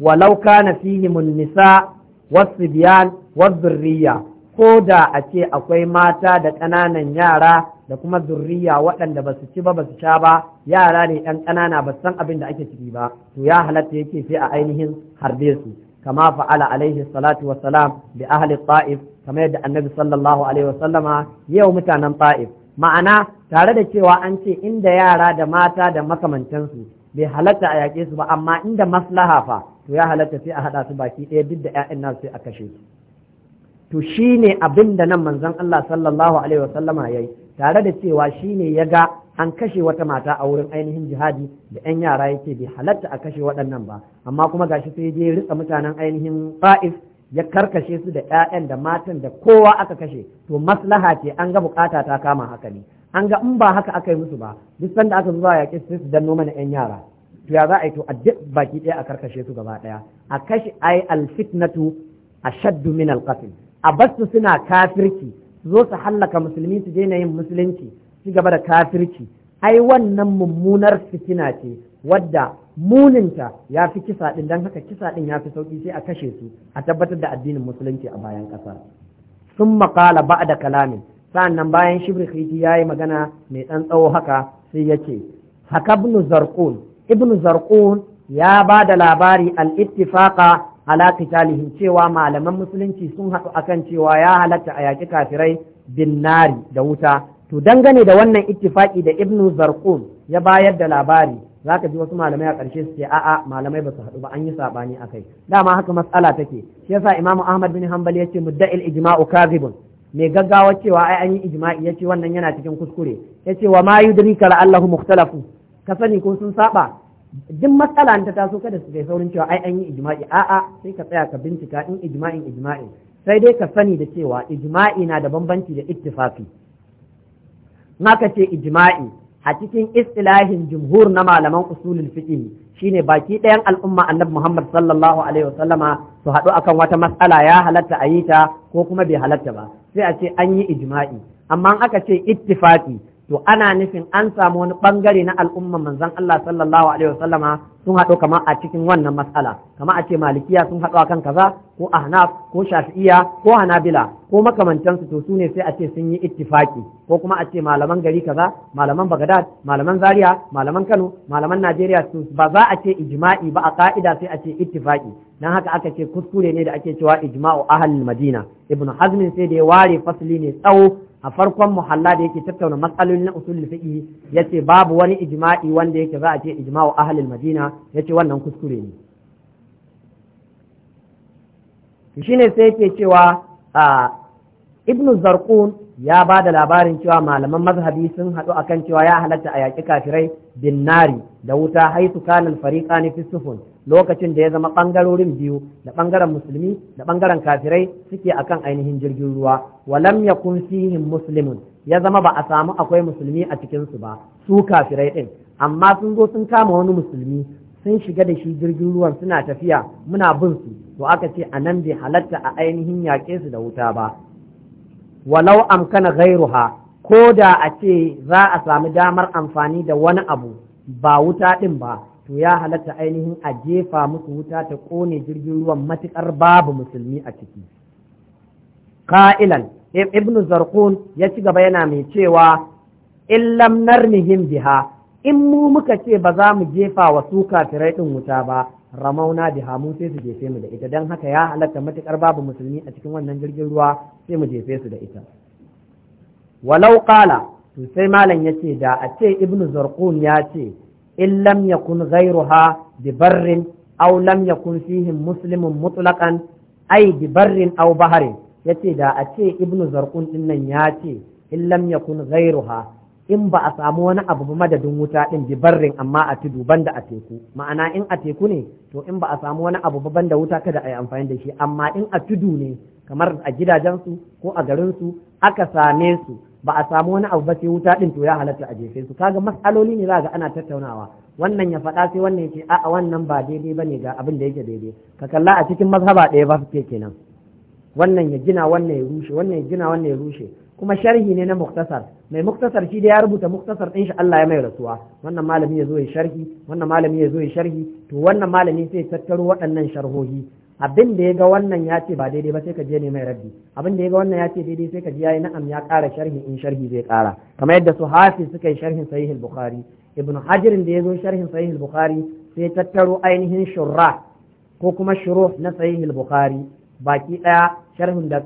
walau kana fihimun nisa wasu biyan wasu zurriya ko da a ce akwai mata da ƙananan yara da kuma zurriya waɗanda ba su ci ba ba su sha ba yara ne ɗan ƙanana ba san abin da ake ciki ba to ya halatta yake sai a ainihin harbe su kama fa'ala alaihi salatu wa salam bi ahli ta'if kamar yadda annabi sallallahu alaihi wa sallama yau mutanen ta'if ma'ana tare da cewa an ce inda yara da mata da makamantansu bai halatta a yaƙe su ba amma inda maslaha fa to ya halatta sai a haɗa su baki ɗaya duk da 'ya'yan nasu sai a kashe su to shi ne abin da nan manzan Allah sallallahu alaihi wasallama yayi tare da cewa shi ne ya ga an kashe wata mata a wurin ainihin jihadi da yan yara yake bai halatta a kashe waɗannan ba amma kuma ga shi sai je ritsa mutanen ainihin fa'is ya karkashe su da 'ya'yan da matan da kowa aka kashe to maslaha ce an ga bukata ta kama haka ne an ga in ba haka aka yi musu ba duk sanda aka zuwa ya sai su danno mana 'yan yara to ya za a yi to a duk baki ɗaya a karkashe su gaba ɗaya a kashe ai alfitnatu ashaddu min alqatl a basu suna kafirci zo su hallaka musulmi su daina yin musulunci ci gaba da kafirci ai wannan mummunar fitina ce wadda muninta ya fi kisa ɗin don haka kisa ɗin ya fi sauƙi sai a kashe su a tabbatar da addinin musulunci a bayan ƙasa sun maƙala ba da kalamin nan bayan shibrikiti ya yi magana mai ɗan tsawo haka sai ya ce haka ibnu zarƙun ibnu zarqun ya ba da labari al-ittifaqa ala qitalihim cewa malaman musulunci sun haɗu akan cewa ya halatta a yaƙi kafirai bin nari da wuta to dangane da wannan ittifaki da ibnu zarqum ya bayar da labari zaka ji wasu malamai a ƙarshe su ce a'a malamai ba su haɗu ba an yi sabani akai dama haka matsala take shi yasa imamu ahmad bin hanbal yace mudda'il ijma'u kadhibun mai gaggawa cewa ai an yi ijma'i yace wannan yana cikin kuskure yace wa ma yudrika la'allahu mukhtalafu ka sani ko sun saba duk matsala ta taso kada su kai saurin cewa ai an yi ijma'i a'a sai ka tsaya ka bincika in ijma'in ijma'in sai dai ka sani da cewa ijma'i na da bambanci da ittifafi naka ce ijma'i a cikin istilahin jumhur na malaman usulul fiqh shine baki ɗayan al'umma annabi Muhammad sallallahu alaihi wasallama su haɗu akan wata matsala ya halatta a yi ta ko kuma bai halatta ba sai a ce an yi ijma'i amma aka ce ittifaqi to ana nufin an samu wani bangare na al'umma manzon Allah sallallahu alaihi wasallama sun haɗo kama a cikin wannan matsala kama a ce malikiya sun haɗo kan kaza ko ahnaf ko shafi'iya ko hanabila ko makamantansu to su ne sai a ce sun yi ittifaki ko kuma a ce malaman gari kaza malaman Bagadad, malaman zaria malaman kano malaman najeriya su ba za a ce ijma'i ba a ka'ida sai a ce ittifaki dan haka aka ce kuskure ne da ake cewa ijma'u ahlul madina ibnu hazmin sai da ya ware fasli ne tsawo a farkon muhalla da yake tattauna matsalolin na usul fiqh yace babu wani ijma'i wanda yake za a ce ijma'u al madina yace wannan kuskure ne shine sai yake cewa ibnu zarqun ya ba da labarin cewa malaman mazhabi sun haɗu akan cewa ya halatta a yaƙi kafirai bin nari da wuta haitu kanal fariqani fi sufun lokacin da ya zama ɓangarorin biyu da bangaren musulmi da bangaren kafirai suke akan ainihin jirgin ruwa walam yakun fihim muslimun ya zama ba a samu akwai musulmi a cikin su ba su kafirai ɗin. amma sun zo sun kama wani musulmi sun shiga da shi jirgin ruwan suna tafiya muna bin su to aka ce a nan bai halatta a ainihin yaƙe su da wuta ba walau amkana gairuha ko da a ce za a samu damar amfani da wani abu ba wuta ɗin ba to ya halatta ainihin a jefa musu wuta ta ƙone jirgin ruwan matukar babu musulmi a ciki ka'ilan ibn Zarkun ya ci gaba yana mai cewa in lamnar narmihim biha in mu muka ce ba za mu jefa wa su kafirai din wuta ba ramauna biha mu sai su jefe mu da ita dan haka ya halatta matukar babu musulmi a cikin wannan jirgin ruwa sai mu jefe su da ita walau qala to sai malam yace da a ce Ibn Zarkun ya ce in lam yakun ghayruha bi barrin aw lam yakun fihi muslimun mutlaqan ay bi aw baharin yace da a ce ibnu zarqun din nan ya ce in lam yakun ghayruha in ba a samu wani abu ba madadin wuta din bi amma a tudu banda a teku ma'ana in a teku ne to in ba a samu wani abu ba banda wuta kada a yi amfani da shi amma in a tudu ne kamar a gidajensu ko a garinsu aka same su ba a samu wani abu ba sai wuta din to ya halatta a jefe su kaga mas'aloli ne za ana tattaunawa wannan ya faɗa sai wannan ce a'a wannan ba daidai bane ga abin da yake daidai ka kalla a cikin mazhaba ɗaya ba suke kenan wannan ya gina wannan ya rushe wannan ya gina wannan ya rushe kuma sharhi ne na muktasar mai muktasar shi da ya rubuta muktasar din shi Allah ya mai rasuwa wannan malami ya zo ya sharhi wannan malami ya zo ya sharhi to wannan malami sai tattaro waɗannan sharhohi abin da ya ga wannan ya ce ba daidai ba sai ka je ne mai rabbi abin da ya ga wannan ya ce daidai sai ka ya yayi na'am ya kara sharhi in sharhi zai kara kamar yadda su hafi suka yi sharhin sahih bukhari ibn hajar da ya zo sharhin sahih bukhari sai tattaro ainihin shurra ko kuma shuruh na sahih bukhari baki ɗaya sharhin da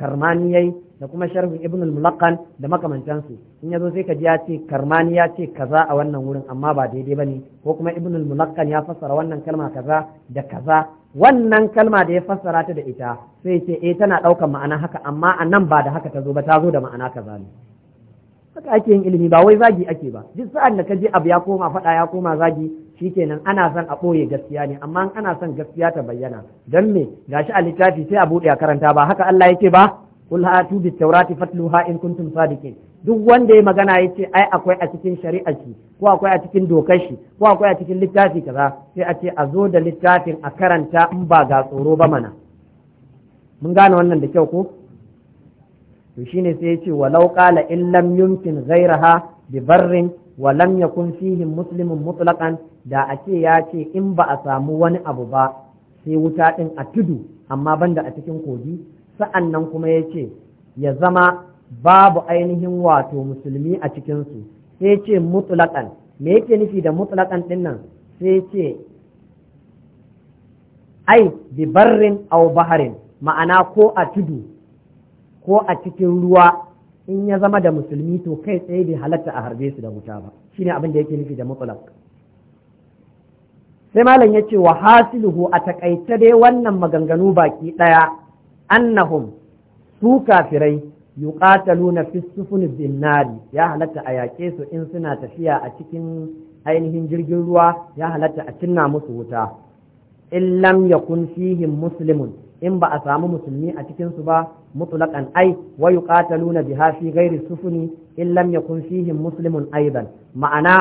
karmani yayi da kuma sharhin ibn al-mulaqqan da makamantansu in yazo sai ka ji ya ce karmani ya ce kaza a wannan wurin amma ba daidai bane ko kuma ibn al-mulaqqan ya fassara wannan kalma kaza da kaza wannan kalma da ya fassara ta da ita sai ce eh tana daukar ma'ana haka amma a nan ba da haka ta zo ba ta zo da ma'ana kaza ne haka ake yin ilimi ba wai zagi ake ba duk sa'an da ka je abu ya koma faɗa ya koma zagi shi kenan ana son a ɓoye gaskiya ne amma ana son gaskiya ta bayyana don me gashi a littafi sai a buɗe a karanta ba haka Allah yake ba kul hatu bi tawrati fatluha in kuntum sadiqin duk wanda ya magana ya ce ai akwai a cikin shari'a shi ko akwai a cikin dokar shi ko akwai a cikin littafi kaza sai a ce a zo da littafin a karanta in ba ga tsoro ba mana mun gane wannan da kyau ko to shine sai yace walau qala in lam yumkin ghayraha bi barrin wa lam yakun fihi muslimun mutlaqan da ake yace ya ce in ba a samu wani abu ba sai wuta din a tudu amma banda a cikin kogi sa'annan kuma ya ce ya zama babu ainihin wato musulmi a cikinsu sai ce mutlaqan me yake nufi da mutlaqan ɗin nan sai ce ai bi barrin au baharin ma'ana ko a tudu ko a cikin ruwa in ya zama da musulmi to kai tsaye bai halatta a harbe su da wuta ba shine abin da yake nufi da mutlaq sai malam ya ce wa hasiluhu a takaice dai wannan maganganu baki ɗaya annahum su kafirai yuqataluna fi sufuni bin ya halatta a yaƙe su in suna tafiya a cikin ainihin jirgin ruwa ya halatta a cinna musu wuta in lam yakun fihim muslimun in ba a samu musulmi a cikinsu ba mutlaqan ai wa yuqataluna biha fi ghairi sufuni in lam yakun fihim muslimun aidan ma'ana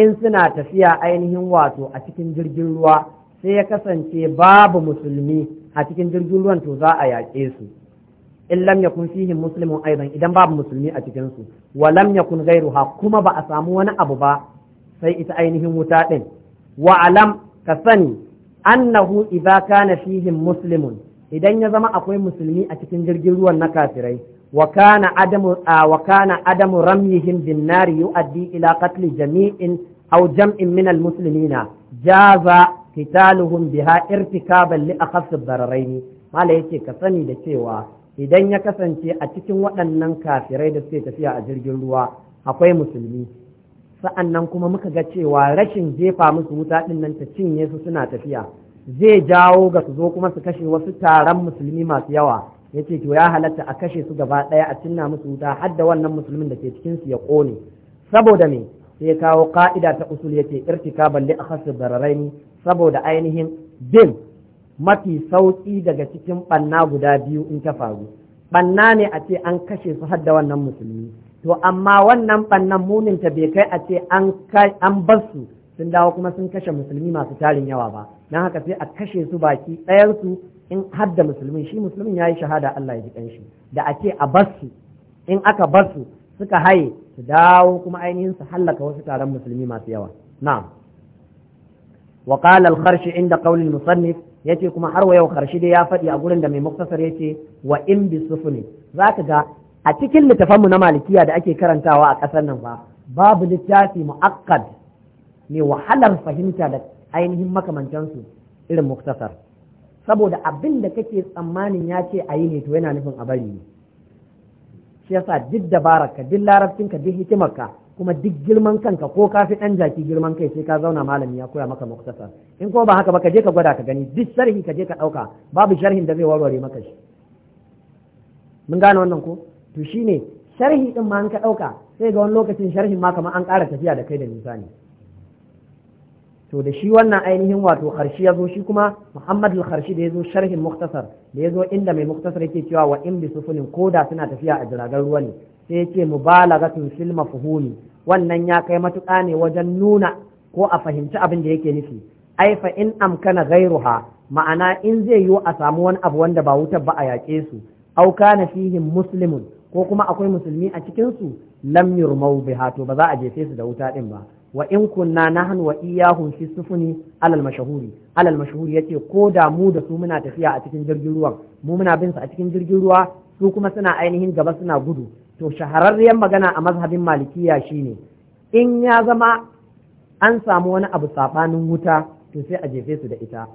in suna tafiya ainihin wato a cikin jirgin ruwa sai ya kasance babu musulmi a cikin jirgin ruwan to za a yaƙe su in lam yakun fihim muslimun aidan idan babu musulmi a cikinsu su wa lam yakun ghairuha kuma ba a samu wani abu ba sai ita ainihin wuta din wa alam ka sani annahu idza kana fihim muslimun idan ya zama akwai musulmi a cikin jirgin ruwan na kafirai wa kana adamu wa ramyihim bin ila jami'in aw jam'in min al-muslimina jaza qitaluhum biha irtikaban li akhaff ad mala yace ka sani da cewa idan ya kasance a cikin waɗannan kafirai da suke tafiya a jirgin ruwa akwai musulmi sa'annan kuma muka ga cewa rashin jefa musu wuta ɗin nan ta cinye su suna tafiya zai jawo ga su zo kuma su kashe wasu taron musulmi masu yawa ya ce to ya halatta a kashe su gaba ɗaya a cinna musu wuta har da wannan musulmin da ke cikin su ya ƙone saboda me sai kawo ka'ida ta usul yace irtikaban a akhasir dararaini saboda ainihin bin mafi sauki daga cikin banna guda biyu in ta faru banna ne a ce an kashe su har da wannan musulmi to amma wannan ɓannan muninta bai kai a ce an bar su sun dawo kuma sun kashe musulmi masu tarin yawa ba na haka sai a kashe su baki ɗayansu in har da musulmi shi musulmin ya yi shahada Allah ya ji kanshi da a ce a basu in aka basu suka haye su dawo kuma ainihin su hallaka wasu taron musulmi masu yawa na'am wa qala al inda qawli al-musannif yace kuma har wa yau kharshi dai ya faɗi a gurin da mai muktasar yace wa in bi sufni zaka ga a cikin littafanmu na malikiya da ake karantawa a ƙasar nan ba babu littafi mu'akkad ne wahalar fahimta da ainihin makamancansu irin muktasar saboda abin da kake tsammanin ya ce a yi ne to yana nufin a bari ne shi yasa duk dabararka duk larabcinka duk hikimarka kuma duk girman kanka ko ka fi ɗan jaki girman kai sai ka zauna malami ya koya maka muktasar in ko ba haka ba ka je ka gwada ka gani duk sharhi ka je ka ɗauka babu sharhin da zai warware maka shi mun gane wannan ko to shine sharhi din ma an ka ɗauka sai ga wani lokacin sharhin ma kamar an ƙara tafiya da kai da nisa ne to da shi wannan ainihin wato karshi ya zo shi kuma muhammad al-karshi da ya zo sharhin muktasar da ya zo inda mai muktasar yake cewa wa in ko da suna tafiya a jiragen ruwa ne sai yake mubalaghatun fil mafhumi wannan ya kai matuƙa ne wajen nuna ko a fahimci abin da yake nufi ai fa in amkana gairuha ma'ana in zai yiwu a samu wani abu wanda ba wutar ba a yaƙe su au kana fihim muslimun ko kuma akwai musulmi a cikin su lam yurmau biha to ba za a jefe su da wuta din ba wa in kunna nahnu wa iyyahum fi sufuni alal mashahuri alal mashahuri yace ko da mu da su muna tafiya a cikin jirgin ruwan mu muna bin su a cikin jirgin ruwa su kuma suna ainihin gaba suna gudu to shahararriyar magana a mazhabin malikiya shine in ya zama an samu wani abu sabanin wuta to sai a jefe su da ita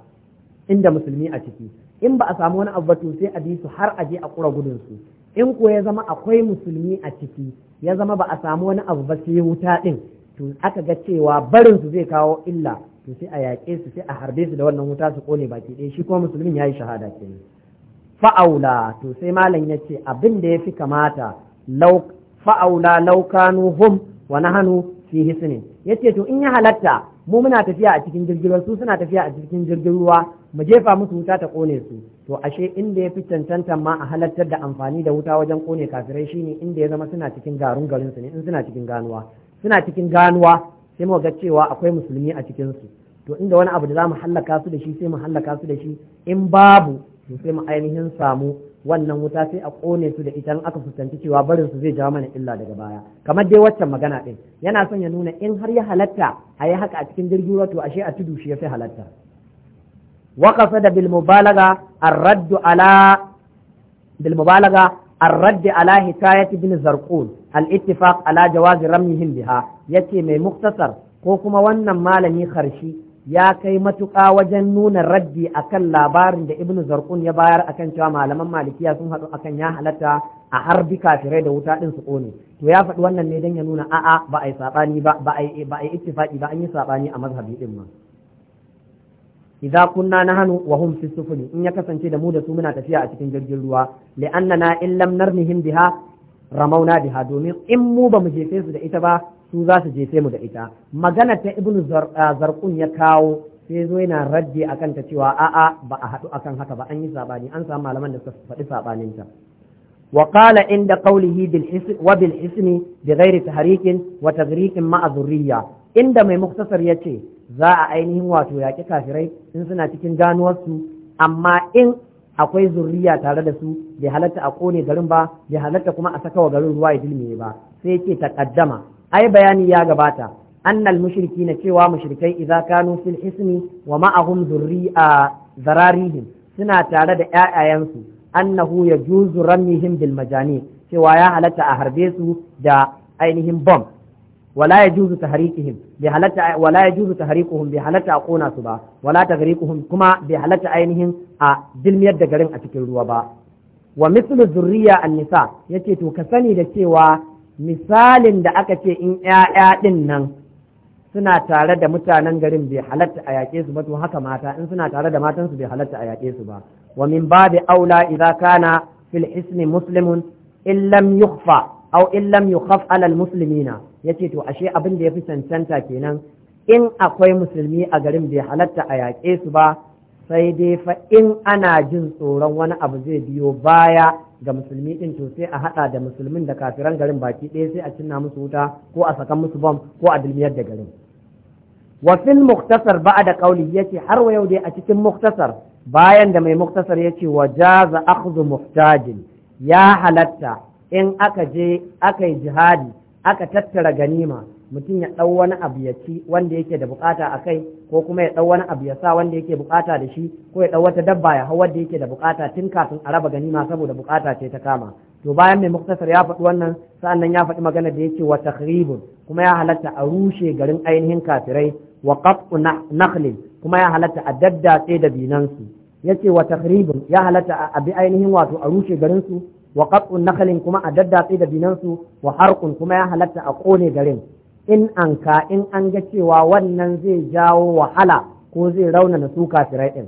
inda musulmi a ciki in ba a samu wani abu ba to sai a bi su har a je a kura gudun su in ko ya zama akwai musulmi a ciki ya zama ba a samu wani abu ba sai wuta din aka ga cewa barin su zai kawo illa to sai a yaƙe su sai a harbe su da wannan wuta su kone baki ɗaya shi kuma musulmin ya yi shahada kenan fa'aula to sai malam ya ce abin da ya fi kamata fa'aula laukanu hum wa nahanu fi hisnin ya ce to in ya halatta mu muna tafiya a cikin jirgin su suna tafiya a cikin jirgin ruwa mu jefa musu wuta ta kone su to ashe inda ya fi cancanta ma a halartar da amfani da wuta wajen kone kafirai shine inda ya zama suna cikin garin garin su ne in suna cikin ganuwa suna cikin ganuwa sai mu ga cewa akwai musulmi a cikin su to inda wani abu da za mu hallaka su da shi sai mu hallaka su da shi in babu to sai mu ainihin samu wannan wuta sai a kone su da ita in aka fuskanci cewa barin su zai jawo mana illa daga baya kamar dai waccan magana din yana son ya nuna in har ya halatta a yi haka a cikin jirgin ruwa to ashe a tudu shi ya fi halatta wa qasada bil mubalaga ar-radd ala bil mubalaga ar al-ittifaq ala jawaz ramyihim biha yace mai muktasar ko kuma wannan malami kharshi ya kai matuƙa wajen nuna raddi akan labarin da ibnu zarqun ya bayar akan cewa malaman malikiya sun haɗu akan ya halatta a harbi kafirai da wuta din su ƙone to ya faɗi wannan ne don ya nuna a'a ba a yi saɓani ba ba a yi ittifaqi ba an yi saɓani a mazhabi ɗin ma idza kunna nahnu wa hum fi in ya kasance da mu da su muna tafiya a cikin jirgin ruwa na in lam narmihim biha ramauna biha domin in mu ba mu jefe su da ita ba su za su jefe mu da ita magana ta ibnu zarqun ya kawo sai zo yana raddi akan ta cewa a'a ba a haɗu akan haka ba an yi sabani an samu malaman da suka faɗi sabanin ta wa qala inda qawlihi bil ism wa bil ismi bi ghairi tahrikin wa tagriqin ma'a inda mai muktasar yace za a ainihin wato yaƙi kafirai in suna cikin ganuwarsu amma in akwai zurriya tare da su bai halatta a kone garin ba bai halatta kuma a saka wa garin ruwa ya dilmiye ba sai yake taqaddama ai bayani ya gabata annal mushrikina cewa mushrikai idza kanu fil ismi wa ma'ahum zurri'a zararihim suna tare da ƴaƴayensu annahu yajuzu ramihim bil majani cewa ya halatta a harbe su da ainihin bomb wala yajuzu tahriquhum bi halatta wala yajuzu tahriquhum a kona su ba wala tagriquhum kuma bai halarta ainihin a dilmiyar da garin a cikin ruwa ba wa mislu zurriya an-nisa yace to ka sani da cewa misalin da aka ce in yaya din nan suna tare da mutanen garin bai halatta a yaƙe su ba to haka mata in suna tare da matan su bai halatta a yaƙe su ba wa min babi aula idza kana fil hisni muslimun in lam yukhfa aw in lam yukhaf alal muslimina yace to ashe abin da yafi cancanta kenan in akwai musulmi a garin bai halatta a yaƙe su ba sai dai fa in ana jin tsoron wani abu zai biyo baya ga musulmi din to sai a hada da musulmin da kafiran garin baki ɗaya sai a cinna musu wuta ko a saka musu bom ko a dulmiyar da garin wa fil ba'a da qawli yace har wa yau dai a cikin muktasar bayan da mai muktasar yace wa jaza akhdhu muhtajin ya halatta in aka je aka yi jihadi aka tattara ganima mutum ya ɗau wani abu ya ci wanda yake da bukata a kai ko kuma ya ɗau wani abu ya sa wanda yake bukata da shi ko ya ɗau wata dabba ya hau wanda yake da bukata tun kafin a raba ganima saboda bukata ce ta kama to bayan mai muktasar ya faɗi wannan sa'an nan ya faɗi magana da yake wa takhribun kuma ya halatta a rushe garin ainihin kafirai wa qat'u nakhlin kuma ya halatta a daddatse da binansu yace wa takhribun ya halatta a bi ainihin wato a rushe garin su wa qat'un nakhlin kuma a daddatse da binansu wa harqun kuma ya halatta a kone garin in an ka in an ga cewa wannan zai jawo wahala ko zai raunana su kafirai din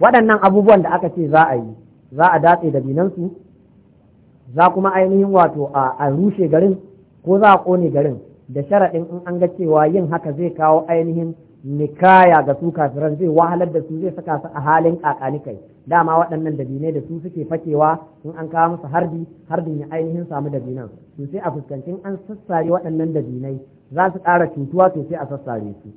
waɗannan abubuwan da aka ce za a yi za a datse da binansu za kuma ainihin wato a rushe garin ko za a kone garin da sharaɗin in an ga cewa yin haka zai kawo ainihin nikaya ga su kafiran zai wahalar da su zai saka su a halin kakani kai dama waɗannan dabinai da su suke fakewa in an kawo musu harbi harbin ya ainihin samu dabinan to sai a fuskancin an sassare waɗannan dabinai za su ƙara cutuwa to sai a sassare su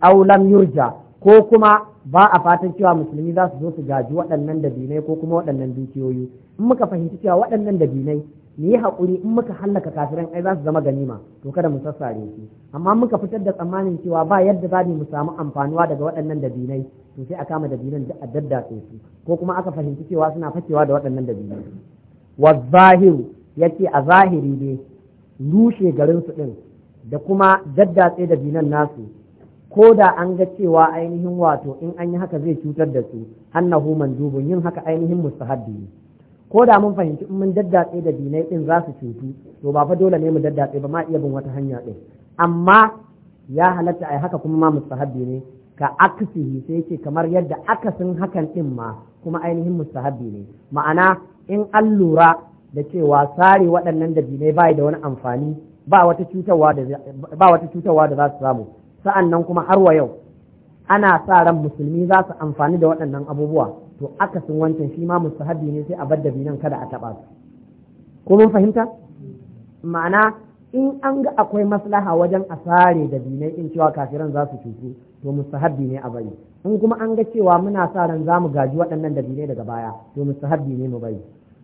aulam yurja ko kuma ba a fatan cewa musulmi za su zo su gaji waɗannan dabinai ko kuma waɗannan dukiyoyi in muka fahimci cewa waɗannan dabinai mu yi haƙuri in muka hallaka kafiran ai za su zama ganima to kada mu sassare su amma muka fitar da tsammanin cewa ba yadda za mu samu amfanuwa daga waɗannan dabinai to sai a kama dabinan da a daddatse su ko kuma aka fahimci cewa suna fakewa da waɗannan dabinai wa zahiru yace a zahiri ne rushe garin su din da kuma daddatse dabinan nasu ko da an ga cewa ainihin wato in an yi haka zai cutar da su annahu mandubun yin haka ainihin mustahabbi ne ko da mun fahimci in mun daddatse da dinai din za su cutu to ba fa dole ne mu daddatse ba ma iya bin wata hanya din amma ya halatta ai haka kuma ma mustahabbi ne ka aksihi sai yake kamar yadda aka akasin hakan din ma kuma ainihin mustahabbi ne ma'ana in an lura da cewa sare waɗannan da dinai bai da wani amfani ba wata cutarwa da ba wata cutarwa da za su samu sa'annan kuma har wa yau ana sa ran musulmi za su amfani da waɗannan abubuwa to aka akasin wancan shi ma mustahabi ne sai a bar binan kada a taɓa su ko mun fahimta ma'ana in an ga akwai maslaha wajen a sare dabinai in cewa kafiran za su cutu to mustahabbi ne a bari in kuma an ga cewa muna sa ran za mu gaji waɗannan dabinai daga baya to mustahabbi ne mu bari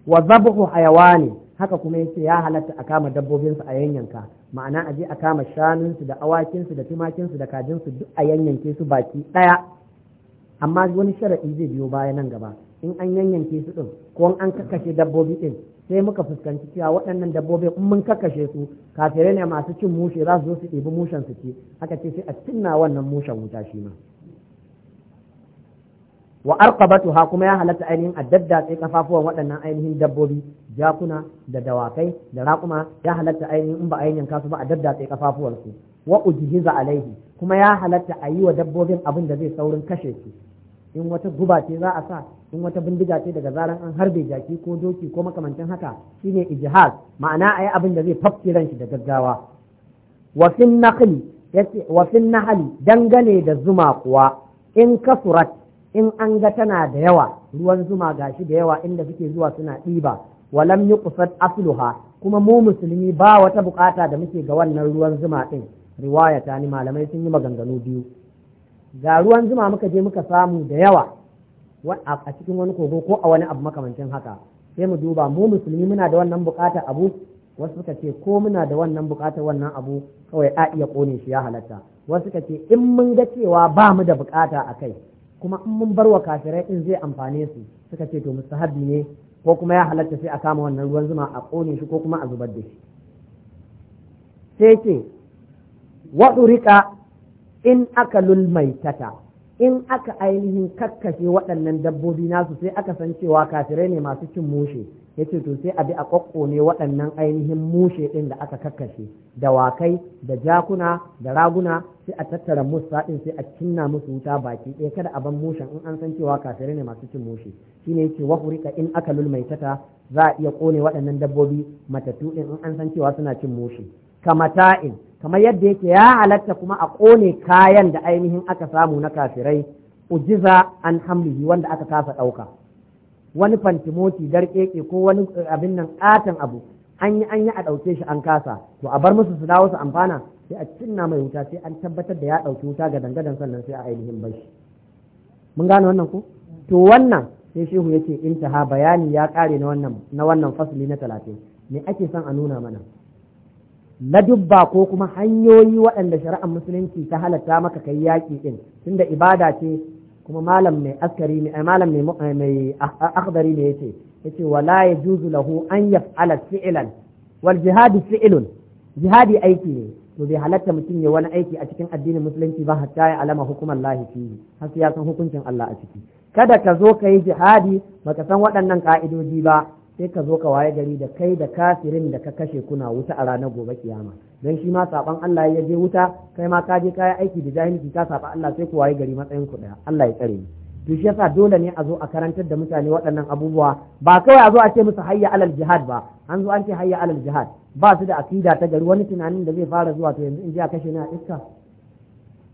wa zabuhu hayawani haka kuma yace ya halatta a kama dabbobinsu su a yanyanka ma'ana a je a kama shanunsu, da awakinsu, da tumakin da kajinsu duk a yanyanke su baki ɗaya. amma wani sharaɗi zai biyo baya nan gaba in an yanyanke su ɗin ko an kakkashe dabbobi ɗin sai muka fuskanci cewa waɗannan dabbobi in mun kakkashe su kafirai ne masu cin mushe za su zo su ɗibi mushen su ci aka ce sai a cinna wannan mushen wuta shi ma wa ha kuma ya halatta ainihin addadda sai kafafuwan waɗannan ainihin dabbobi jakuna da dawakai da raƙuma ya halatta ainihin in ba a kasu ba a daddatse kafafuwan su wa ujihiza alaihi kuma ya halatta a yi wa dabbobin abin da zai saurin kashe su in wata guba ce za a sa in wata bindiga ce daga zaran an harbe jaki ko doki ko makamancin haka shine ijihad ma'ana ayi abin da zai fafke ran da gaggawa wa fin hali, dangane da zuma kuwa in kasurat in an ga tana da yawa ruwan zuma gashi da yawa inda suke zuwa suna ɗiba walam yuqsad asluha kuma mu musulmi ba wata bukata da muke ga wannan ruwan zuma ɗin, riwaya ta ni malamai sun yi maganganu biyu ga ruwan zuma muka je muka samu da yawa a cikin wani kogo ko a wani abu makamancin haka sai mu duba mu musulmi muna da wannan bukatar abu wasu suka ce ko muna da wannan bukatar wannan abu kawai a iya kone shi ya halatta wasu suka ce in mun ga cewa ba mu da bukata a kai kuma in mun bar wa kafirai in zai amfane su suka ce to mustahabi ne ko kuma ya halatta sai a kama wannan ruwan zuma a kone shi ko kuma a zubar da shi sai ce riƙa. in aka lulmaitata in aka ainihin kakkashe waɗannan dabbobi nasu sai aka san cewa kafirai ne masu cin mushe ya ce to sai a bi a ne waɗannan ainihin mushe ɗin da aka kakkashe Da wakai, da jakuna da raguna sai a tattara musa ɗin sai a cinna musu wuta baki ɗaya kada a ban mushen in an san cewa kafirai ne masu cin mushe shine yace wa hurika in aka lulmaitata za a iya ƙone waɗannan dabbobi matattu ɗin in an san cewa suna cin mushe kamata'in kamar yadda yake ya halatta kuma a ƙone kayan da ainihin aka samu na kafirai ujiza an hamlihi wanda aka kasa ɗauka wani fantimoti darƙeƙe ko wani eh, abin nan ƙaton abu an yi a ɗauke shi an kasa to a bar musu su dawo su amfana sai a cinna mai wuta sai an tabbatar da ya ɗauki wuta ga dangadan sannan sai a ainihin bar shi mun gane wannan ko to wannan sai shehu ya ce intaha bayani ya ƙare na wannan na wannan fasli na talatin me ake son a nuna mana na dubba ko kuma hanyoyi waɗanda shari'ar musulunci ta halatta maka kai yaƙi ɗin tunda ibada ce kuma malam mai askari ne eh, malam mai eh, mai ah, akhdari ne yace yace wala yajuzu lahu an yaf'ala fi'lan wal jihadu fi'lun jihadi aiki ne to bai halatta mutum ya wani aiki a cikin addinin musulunci ba hatta ya alama hukumar lahi fihi har ya san hukuncin Allah a ciki kada ka zo ka yi jihadi baka san waɗannan ka'idoji ba sai ka zo ka waye gari da kai da kafirin da ka kashe kuna wuta a ranar gobe kiyama don shi ma saɓan Allah ya je wuta kai ma ka je kayan aiki da jahilci ka saba Allah sai ku waye gari matsayin ku daya Allah ya tsare ni to shi yasa dole ne a zo a karantar da mutane waɗannan abubuwa ba kawai a zo a ce musu hayya alal jihad ba an zo an ce hayya alal jihad ba su da akida ta gari wani tunanin da zai fara zuwa to yanzu in je a kashe ni a iska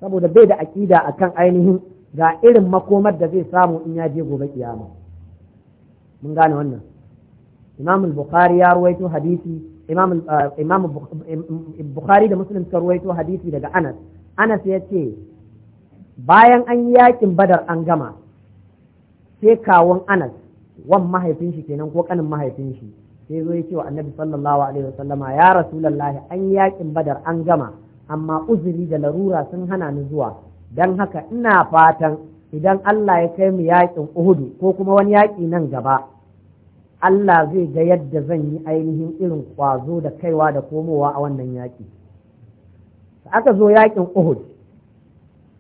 saboda bai da akida akan ainihin ga irin makomar da zai samu in ya je gobe kiyama mun gane wannan imam al-bukhari ya ruwaito hadisi imam ah, bukhari da muslim ya ruwaito hadisi daga anas anas ya ce bayan an yi yakin badar an gama sai kawon anas wan mahaifin shi kenan ko kanin mahaifin shi sai zo ya ce wa annabi sallallahu alaihi wasallama ya rasulullahi an yi yakin badar an gama amma uzuri da larura sun hana ni zuwa dan haka ina fatan idan Allah ya kai mu yakin uhudu ko kuma wani yaƙi nan gaba Allah zai ga yadda zan yi ainihin irin kwazo da kaiwa da komowa a wannan yaƙi aka zo yaƙin Uhud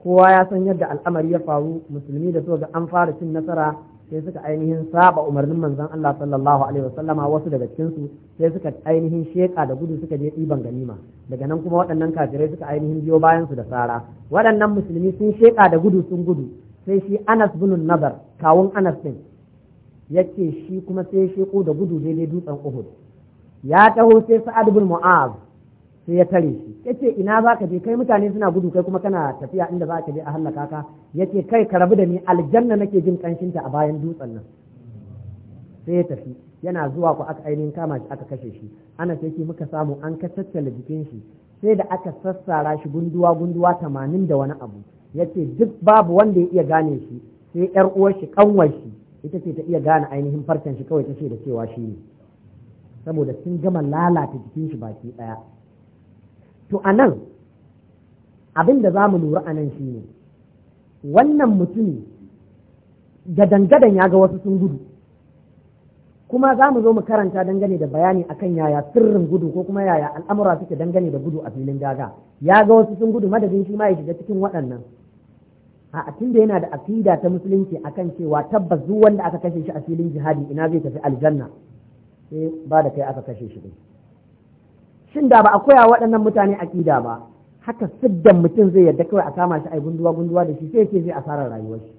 kowa ya san yadda al'amari ya faru musulmi da so ga an fara cin nasara sai suka ainihin saba umarnin manzon Allah sallallahu alaihi wasallama wasu daga cikin sai suka ainihin sheƙa da gudu suka je ɗiban ganima daga nan kuma waɗannan kafirai suka ainihin biyo bayan su da sara waɗannan musulmi sun sheƙa da gudu sun gudu sai shi Anas bin Nazar kawun Anas din yace shi kuma sai shi ko da gudu daidai dutsen Uhud ya taho sai Sa'ad bin Mu'az sai ya tare shi yace ina zaka je kai mutane suna gudu kai kuma kana tafiya inda zaka je a hallaka ka yace kai ka rabu da ni aljanna nake jin kanshin ta a bayan dutsen nan sai ya tafi yana zuwa ku aka ainihin kama shi aka kashe shi ana sai muka samu an ka tattala jikin shi sai da aka sassara shi gunduwa gunduwa tamanin da wani abu yace duk babu wanda ya iya gane shi sai yar uwar shi kanwar shi ita ce ta iya gane ainihin farcen shi kawai ce da cewa shi ne saboda sun gama lalata jikin shi baki ɗaya to a nan abin da za mu lura a nan shi ne wannan mutumi gadan-gadan ya ga wasu sun gudu kuma za mu zo mu karanta dangane da bayani akan yaya sirrin gudu ko kuma yaya al'amura suke dangane da gudu a filin daga ya ga wasu sun gudu madadin shi ma ya shiga cikin waɗannan a tun da yana da akida ta musulunci akan cewa tabbas duk wanda aka kashe shi a filin jihadi ina zai tafi aljanna sai eh, ba da kai aka kashe shi din shin da ba a koya waɗannan mutane akida ba haka siddan mutum zai yarda kawai a kama shi a gunduwa gunduwa da shi sai ce zai asarar rayuwar shi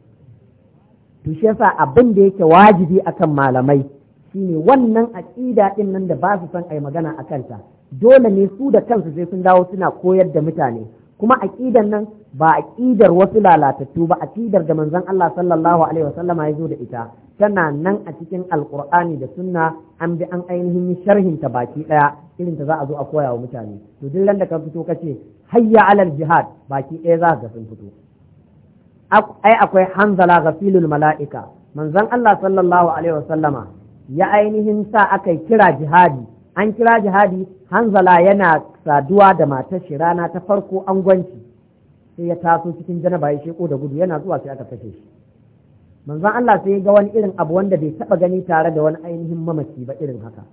to shi yasa abin da yake wajibi akan malamai shine wannan aƙida din nan da ba su san a magana a ta dole ne su da kansu sai sun dawo suna koyar da mutane kuma aqidar nan ba aqidar wasu lalatattu ba aqidar da manzon Allah sallallahu alaihi wasallama ya zo da ita tana nan a cikin alqur'ani da sunna an bi an ainihin sharhin ta baki daya irin ta za a zo a koya wa mutane to duk da ka fito kace hayya alal jihad baki daya za ka sun fito ai akwai hanzala ghafilul mala'ika manzon Allah sallallahu alaihi wasallama ya ainihin sa aka kira jihadi an kira jihadi hanzala yana saduwa da matar shi rana ta farko angwanci sai ya taso cikin janaba ya sheko da gudu yana zuwa sai aka kashe shi manzon Allah sai ya ga wani irin abu wanda bai taba gani tare da wani ainihin mamaki ba irin haka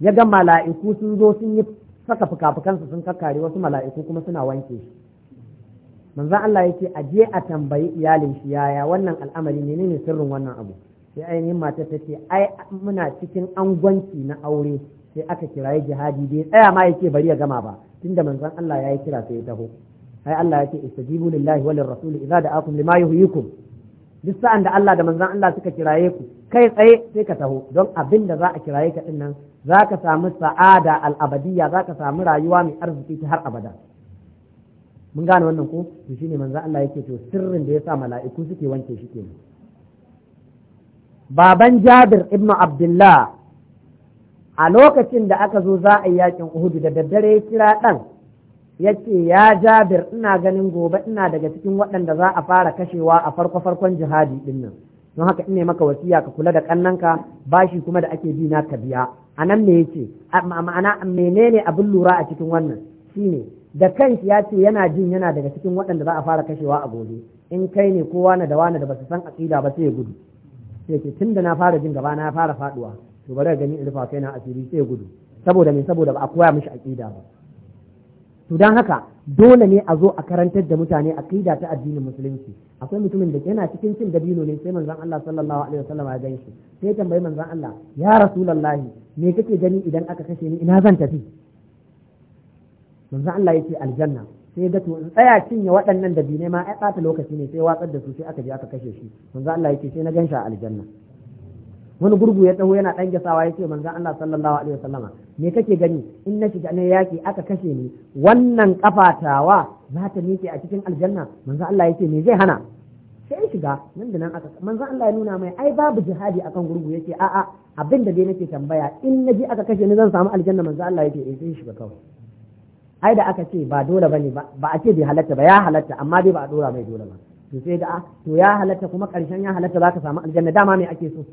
ya ga mala'iku sun zo sun yi saka fikafikansa sun kakkare wasu mala'iku kuma suna wanke shi manzon Allah yake a je a tambayi iyalin shi yaya wannan al'amari menene sirrin wannan abu sai ainihin matar ta ce ai muna cikin angwanci na aure sai aka ya jihadi bai tsaya ma yake bari ya gama ba tunda manzon Allah ya yi kira sai ya taho ai Allah ya ce istajibu lillahi wal rasul idza da'akum lima yuhyikum duk sa'an da Allah da manzan Allah suka kiraye ku kai tsaye sai ka taho don abin da za a kiraye ka din nan za ka samu sa'ada al'abadiyya za ka samu rayuwa mai arziki ta har abada mun gane wannan ko to shine manzon Allah yake to sirrin da ya sa mala'iku suke wanke shi kenan baban jabir ibn abdullah a lokacin da aka zo za a yi yakin uhudu da daddare ya kira ɗan ya ce ya jabir ina ganin gobe ina daga cikin waɗanda za a fara kashewa a farko farkon jihadi ɗin nan don haka in maka wasiya ka kula da ƙannanka bashi kuma da ake bi na ka biya a nan me yake ma'ana menene abin lura a cikin wannan ne, da kanshi ya ce yana jin yana daga cikin waɗanda za a fara kashewa a gobe in kai ne kowa na da wani da basu san aƙida ba sai ya gudu sai ce da na fara jin gaba na fara faduwa to bari gani in rufa kaina asiri sai gudu saboda me saboda ba a koya mishi aqida ba to dan haka dole ne a zo a karantar da mutane aqida ta addinin musulunci akwai mutumin da yana cikin cin dabino ne sai manzon Allah sallallahu alaihi wasallam ya shi sai ya tambayi manzon Allah ya rasulullahi me kake gani idan aka kashe ni ina zan tafi manzon Allah yace aljanna sai ga to in tsaya cinye waɗannan da ma ai ɓata lokaci ne sai watsar da su sai aka je aka kashe shi manzo Allah yake sai na ganshi a aljanna wani gurgu ya taho yana ɗan gasawa yace manzo Allah sallallahu alaihi wasallama me kake gani in na shiga ne yaki aka kashe ni wannan kafatawa za ta miƙe a cikin aljanna manzo Allah yake me zai hana sai shiga nan da nan aka manzo Allah ya nuna mai ai babu jihadi akan gurgu yace a'a abin da dai nake tambaya in je aka kashe ni zan samu aljanna manzo Allah yake eh sai shiga kawai ai da aka ce ba dole bane ba a ce bai halatta ba ya halatta amma dai ba a dora mai dole ba to sai da to ya halatta kuma karshen ya halatta zaka samu aljanna dama me ake so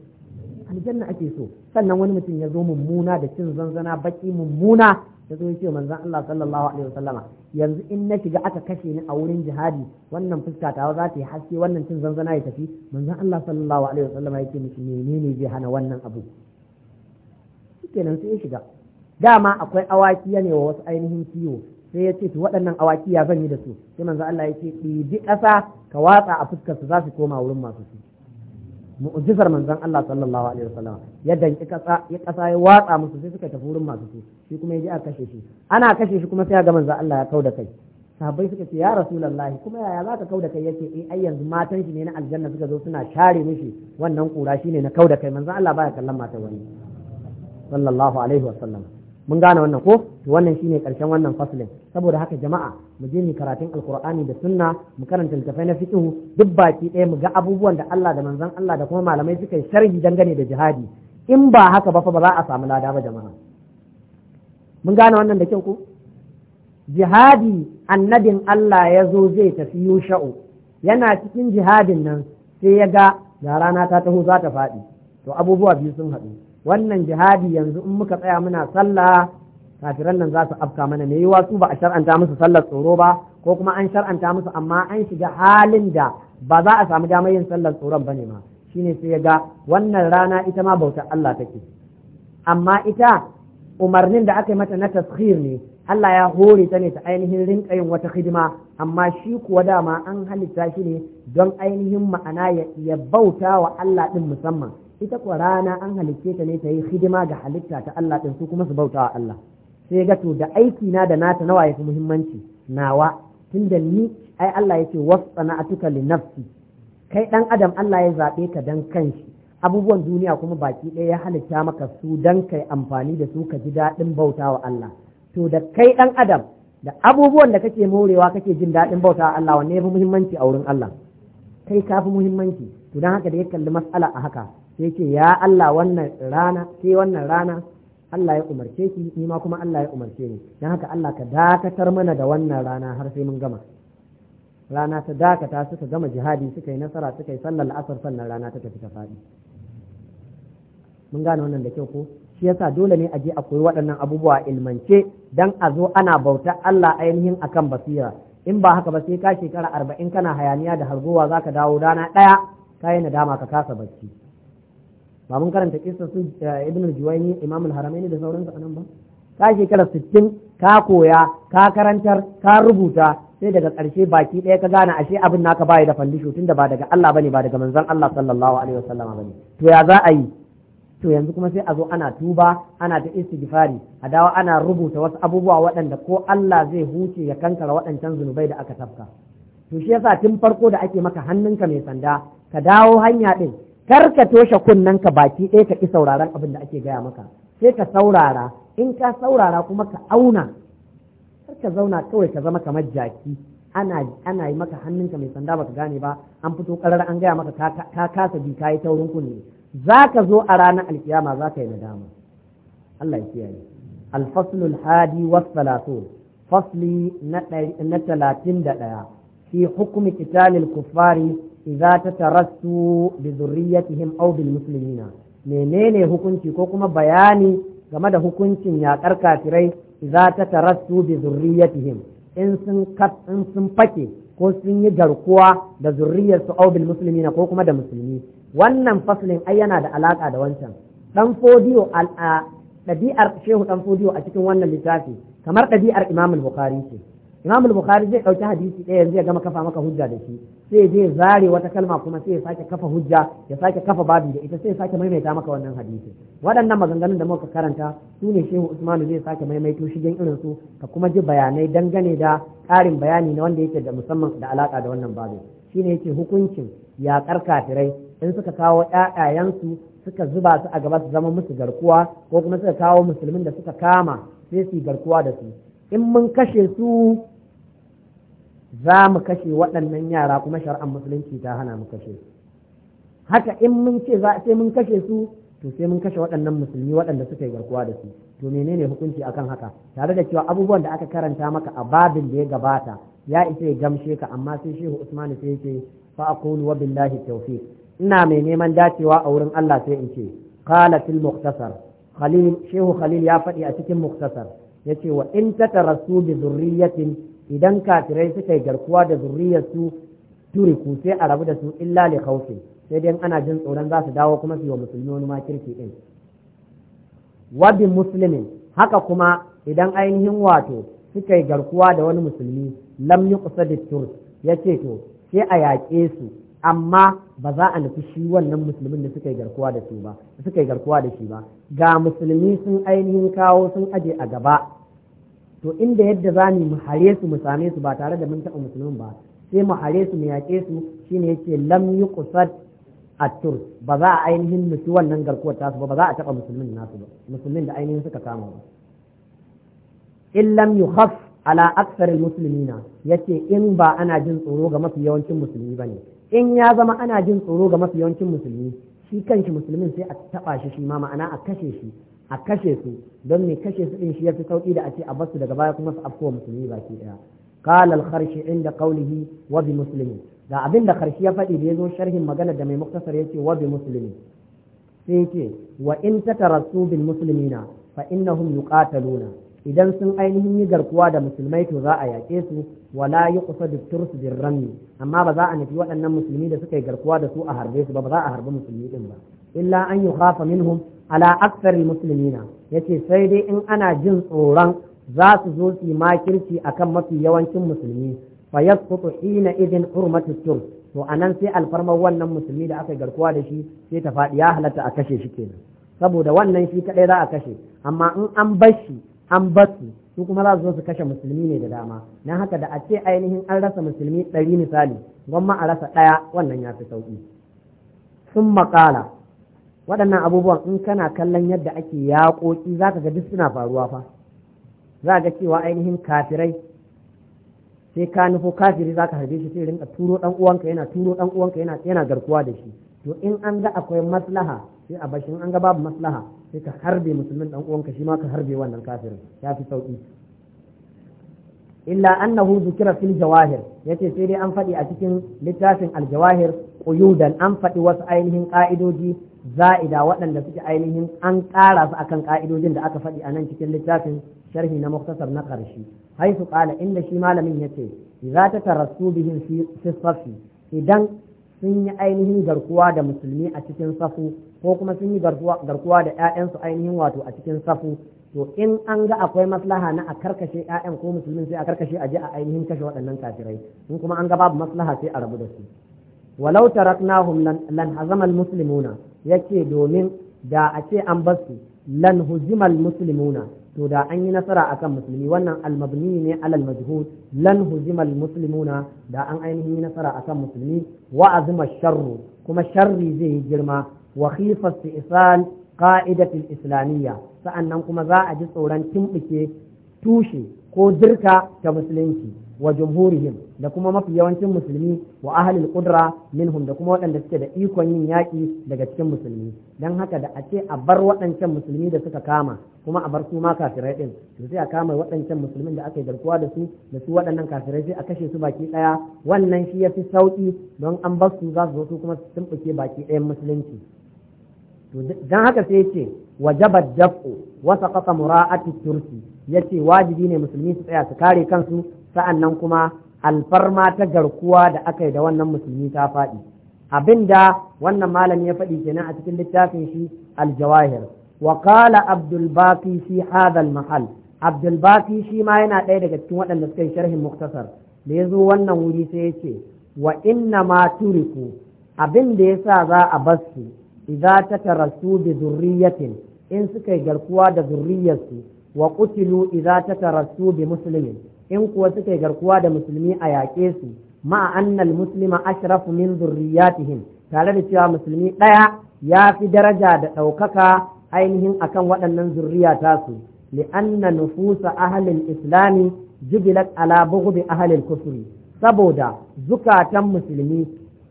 aljanna ake so sannan wani mutum ya zo mummuna da cin zanzana baki mummuna ya zo ce manzon Allah sallallahu alaihi wasallama yanzu in na shiga aka kashe ni a wurin jihadi wannan fuska tawa za ta yi haske wannan cin zanzana ya tafi manzon Allah sallallahu alaihi wasallama yake miki menene zai hana wannan abu kenan sai ya shiga dama akwai awaki ne wa wasu ainihin kiwo sai ya ce su waɗannan awaki ya zan yi da su sai manzo Allah ya ce ɗibi ƙasa ka watsa a fuskar su za su koma wurin masu su mu'jizar manzon Allah sallallahu alaihi wasallam ya danki ƙasa ya ƙasa ya watsa musu sai suka tafi wurin masu su shi kuma ya ji a kashe shi ana kashe shi kuma sai ya ga manzon Allah ya kauda kai sahabbai suka ce ya rasulullahi kuma yaya za ka kauda kai yake eh ai yanzu matan shi ne na aljanna suka zo suna share mishi wannan kura shine na kauda kai manzon Allah baya kallon matan wani sallallahu alaihi wasallam mun gane wannan ko wannan shine karshen wannan faslin saboda haka jama'a mu je mu karatun alqur'ani da sunna mu karanta littafai na fiqh duk baki ɗaya mu ga abubuwan da Allah da manzon Allah da kuma malamai suka yi sharhi dangane da jihadi in ba haka ba fa ba za a samu lada ba jama'a mun gane wannan da kyau ko jihadi annabin Allah ya zo zai tafi yusha'u yana cikin jihadin nan sai ya ga ga rana ta taho za ta faɗi to abubuwa biyu sun haɗu wannan jihadi yanzu in muka tsaya muna sallah kafiran nan za su afka mana me yiwa su ba a shar'anta musu sallar tsoro ba ko kuma an shar'anta musu amma an shiga halin da ba za a samu damar yin sallar tsoron bane ma shine sai ya ga wannan rana ita ma bautar Allah take amma ita umarnin da aka yi mata na tashir ne Allah ya hore ta ne ta ainihin rinka yin wata hidima amma shi kuwa dama an halitta shi ne don ainihin ma'ana ya bauta wa Allah ɗin musamman ita kwarana rana an halicce ta ne ta yi hidima ga halitta ta Allah ɗin su kuma su bauta wa Allah sai ga to da aiki na da nata nawa ya fi muhimmanci nawa tunda ni ai Allah ya ce yake wasana'atuka li nafsi kai ɗan adam Allah ya zaɓe ka dan kanshi abubuwan duniya kuma baki ɗaya ya halitta maka su dan kai amfani da su ka ji daɗin bauta wa Allah to da kai dan adam da abubuwan da kake morewa kake jin daɗin bauta wa Allah wanne ya fi muhimmanci a wurin Allah kai ka fi muhimmanci to don haka da ya kalli mas'ala a haka sai ce ya Allah wannan rana sai wannan rana Allah ya umarce ki ni ma kuma Allah ya umarce ni dan haka Allah ka dakatar mana da wannan rana har sai mun gama rana ta dakata suka gama jihadi suka yi nasara suka yi sallar asar sannan rana ta tafi ta faɗi mun gane wannan da kyau ko shi yasa dole ne a je a koyi waɗannan abubuwa ilmance dan a zo ana bauta Allah ainihin akan basira in ba haka ba sai ka shekara arba'in kana hayaniya da hargowa zaka dawo rana ɗaya ka yi nadama ka kasa bacci ba mun karanta kisa su eh, ibn al-juwayni imam al-haramaini da sauransu anan ba ka shekara 60 ka koya ka karantar ka rubuta sai daga ƙarshe baki ɗaya ka gane ashe abin naka bai da fandisho tunda ba daga Allah bane ba daga manzon Allah sallallahu alaihi wasallama bane to ya za a yi to yanzu kuma sai a zo ana tuba ana ta istighfari a dawo ana rubuta wasu abubuwa waɗanda ko Allah zai huce ya kankara waɗancan zunubai da aka tafka to shi yasa tun farko da ake maka hannunka mai sanda ka dawo hanya ɗin kar ka toshe kunnen ka baki ɗaya ka ƙi sauraron abin da ake gaya maka sai ka saurara in ka saurara kuma ka auna kar ka zauna kawai ka zama kamar jaki ana ana yi maka hannunka mai sanda baka gane ba an fito karar an gaya maka ka kasa bi kayi taurin kunne zaka zo a ranar alkiyama zaka yi nadama Allah ya kiyaye al-faslu al-hadi wa fasli na 31 fi hukmi kitalil kuffari ta tatarassu bi zurriyatihim aw bil muslimina menene hukunci ko kuma bayani game da hukuncin yaƙar kafirai ta tatarassu bi zurriyatihim in sun in sun fake ko sun yi garkuwa da zurriyarsu aw bil muslimina ko kuma da musulmi wannan faslin ai yana da alaka da wancan dan fodiyo ɗabi'ar shehu dan fodiyo a cikin wannan littafi kamar ɗabi'ar imamul bukhari ce Imam Bukhari zai dauki hadisi ɗaya yanzu ya gama kafa maka hujja da shi sai je zare wata kalma kuma sai ya sake kafa hujja ya sake kafa babi da ita sai ya sake maimaita maka wannan hadisi waɗannan maganganun da muka karanta su ne Shehu Usman zai sake maimaito shigen irin su ka kuma ji bayanai dangane da ƙarin bayani na wanda yake da musamman da alaka da wannan babu shine yake hukuncin yaƙar kafirai in suka kawo ƴaƴayansu suka zuba su a gaba su zama musu garkuwa ko kuma suka kawo musulmin da suka kama sai su garkuwa da su in mun kashe su za mu kashe waɗannan yara kuma shari'ar musulunci ta hana mu kashe su haka in mun ce za sai mun kashe su to sai mun kashe waɗannan musulmi waɗanda suka yi garkuwa da su to menene hukunci akan haka tare da cewa abubuwan da aka karanta maka a babin da ya gabata ya isa ya gamshe ka amma sai shehu usmani sai ce fa aqulu wa billahi tawfiq ina mai neman dacewa a wurin Allah sai in ce qala fil mukhtasar shehu khalil ya faɗi a cikin muktasar. Ya ce wa in ta su bi zurriyatin idan kafirai suka yi garkuwa da zurriyarsu turiku sai a rabu da su illa li khawfi sai dai ana jin tsoron za su dawo kuma su yi wa musulmi wani makirki din wa bi muslimin haka kuma idan ainihin wato suka yi garkuwa da wani musulmi lam yi kusa da tur ya ce to sai a yaƙe su amma ba za a nufi shi wannan musulmin da suka yi garkuwa da su ba suka yi garkuwa da shi ba ga musulmi sun ainihin kawo sun aje a gaba to inda yadda za mu hare su mu same su ba tare da mun taɓa musulmin ba sai mu hare su mu yaƙe su shine yace lam kusa a tur ba za a ainihin nufi wannan garkuwar tasu ba ba za a taɓa musulmin nasu ba musulmin da ainihin suka kama ba in lam haf ala aksar muslimina yace in ba ana jin tsoro ga mafi yawancin musulmi ba ne. in ya zama ana jin tsoro ga mafi yawancin musulmi shi kanshi musulmin sai a taɓa shi shi ma ma'ana a kashe shi a kashe su don me kashe su din shi yafi sauki da a ce a basu daga baya kuma su afkowa musulmi baki daya qala al-kharshi inda qawlihi wa bi muslimin ga abin da karshe ya faɗi da ya zo sharhin magana da mai muktasar ya ce wa bi musulmi sai ce wa in tatarasu bil muslimina fa innahum yuqataluna idan sun ainihin yi garkuwa da musulmai to za a yaƙe su wala yuqsadu tursu bir rami amma ba za a nufi waɗannan musulmi da suka yi garkuwa da su a harbe su ba ba za a harbi musulmi din ba illa an yukhafa minhum ala aksaril musulmina yace sai dai in ana jin tsoron za su zo su yi makirci akan mafi yawancin musulmi fa yasqutu hina idin hurmatu tur to anan sai alfarma wannan musulmi da aka garkuwa da shi sai ta faɗi ya halatta a kashe shi kenan saboda wannan shi kadai za a kashe amma in an bar shi an bar su su kuma za su zo su kashe musulmi ne da dama na haka da a ce ainihin an rasa musulmi ɗari misali gwamma a rasa ɗaya wannan ya fi sauƙi sun maƙala waɗannan abubuwan in kana kallon yadda ake yaƙoƙi za ka ga duk suna faruwa fa za ga cewa ainihin kafirai sai ka nufo kafiri za ka harbe shi sai rinka turo ɗan uwanka yana turo ɗan uwanka yana yana garkuwa da shi to in an ga akwai maslaha sai a bashin an ga babu maslaha sai ka harbe musulmin ɗan uwanka shi ma ka harbe wannan kafirin ya fi sauƙi illa annahu zikra fil jawahir yace sai dai an faɗi a cikin littafin aljawahir quyudan an faɗi wasu ainihin ka'idoji za'ida waɗanda suke ainihin an ƙara su akan ƙa'idojin da aka faɗi a nan cikin littafin sharhi na muktasar na ƙarshe su ƙala inda shi malamin ya ce za ta tarasu bihin siffafi idan sun yi ainihin garkuwa da musulmi a cikin safu ko kuma sun yi garkuwa da 'ya'yansu ainihin wato a cikin safu to in an ga akwai maslaha na a karkashe 'ya'yan ko musulmin sai a karkashe a je a ainihin kashe waɗannan kafirai in kuma an ga babu maslaha sai a rabu da su walau taraknahum lan hazama musulmuna. yake domin da a ce an basu lan huzimal muslimuna to da an yi nasara akan musulmi wannan almabni ne alal majhud lan huzimal muslimuna da an ainihin yi nasara akan musulmi wa sharru kuma sharri zai yi girma wa khifas isal qa'idatil islamiyya sa'annan kuma za a ji tsoron timbike tushe ko dirka ta musulunci wa jumhurihim da kuma mafi yawancin musulmi wa ahlil qudra minhum da kuma waɗanda suke da ikon yin yaƙi daga cikin musulmi dan haka da a ce a bar waɗancan musulmi da suka kama kuma a bar su ma kafirai din to sai a kama waɗancan musulmin da aka yi garkuwa da su da su waɗannan kafirai sai a kashe su baki ɗaya wannan shi yafi sauki don an bar su za su zo su kuma su tumbuke baki ɗayan musulunci to haka sai ce wajabat daf'u wa saqata mura'ati turki yace wajibi ne musulmi su tsaya su kare kansu sa'annan kuma alfarma ta garkuwa da aka yi da wannan musulmi ta faɗi abinda wannan malami ya faɗi kenan a cikin littafin shi aljawahir wa qala abdul baqi fi hadha al mahal abdul baqi shi ma yana ɗaya daga cikin waɗanda suka yi sharhin muktasar da ya zo wannan wuri sai ya ce wa inna ma turiku Abinda ya sa za a basu idza tatarasu bi zurriyatin in suka yi garkuwa da zurriyarsu wa qutilu idza tatarasu bi muslimin in kuwa suke garkuwa da musulmi a yaƙe su ma'a annal muslima ashrafu min zurriyatihim tare da cewa musulmi ɗaya ya fi daraja da ɗaukaka ainihin akan waɗannan zurriya tasu li'anna nufusa ahalin islami jubilat ala bughdi ahalin kufri saboda zukatan musulmi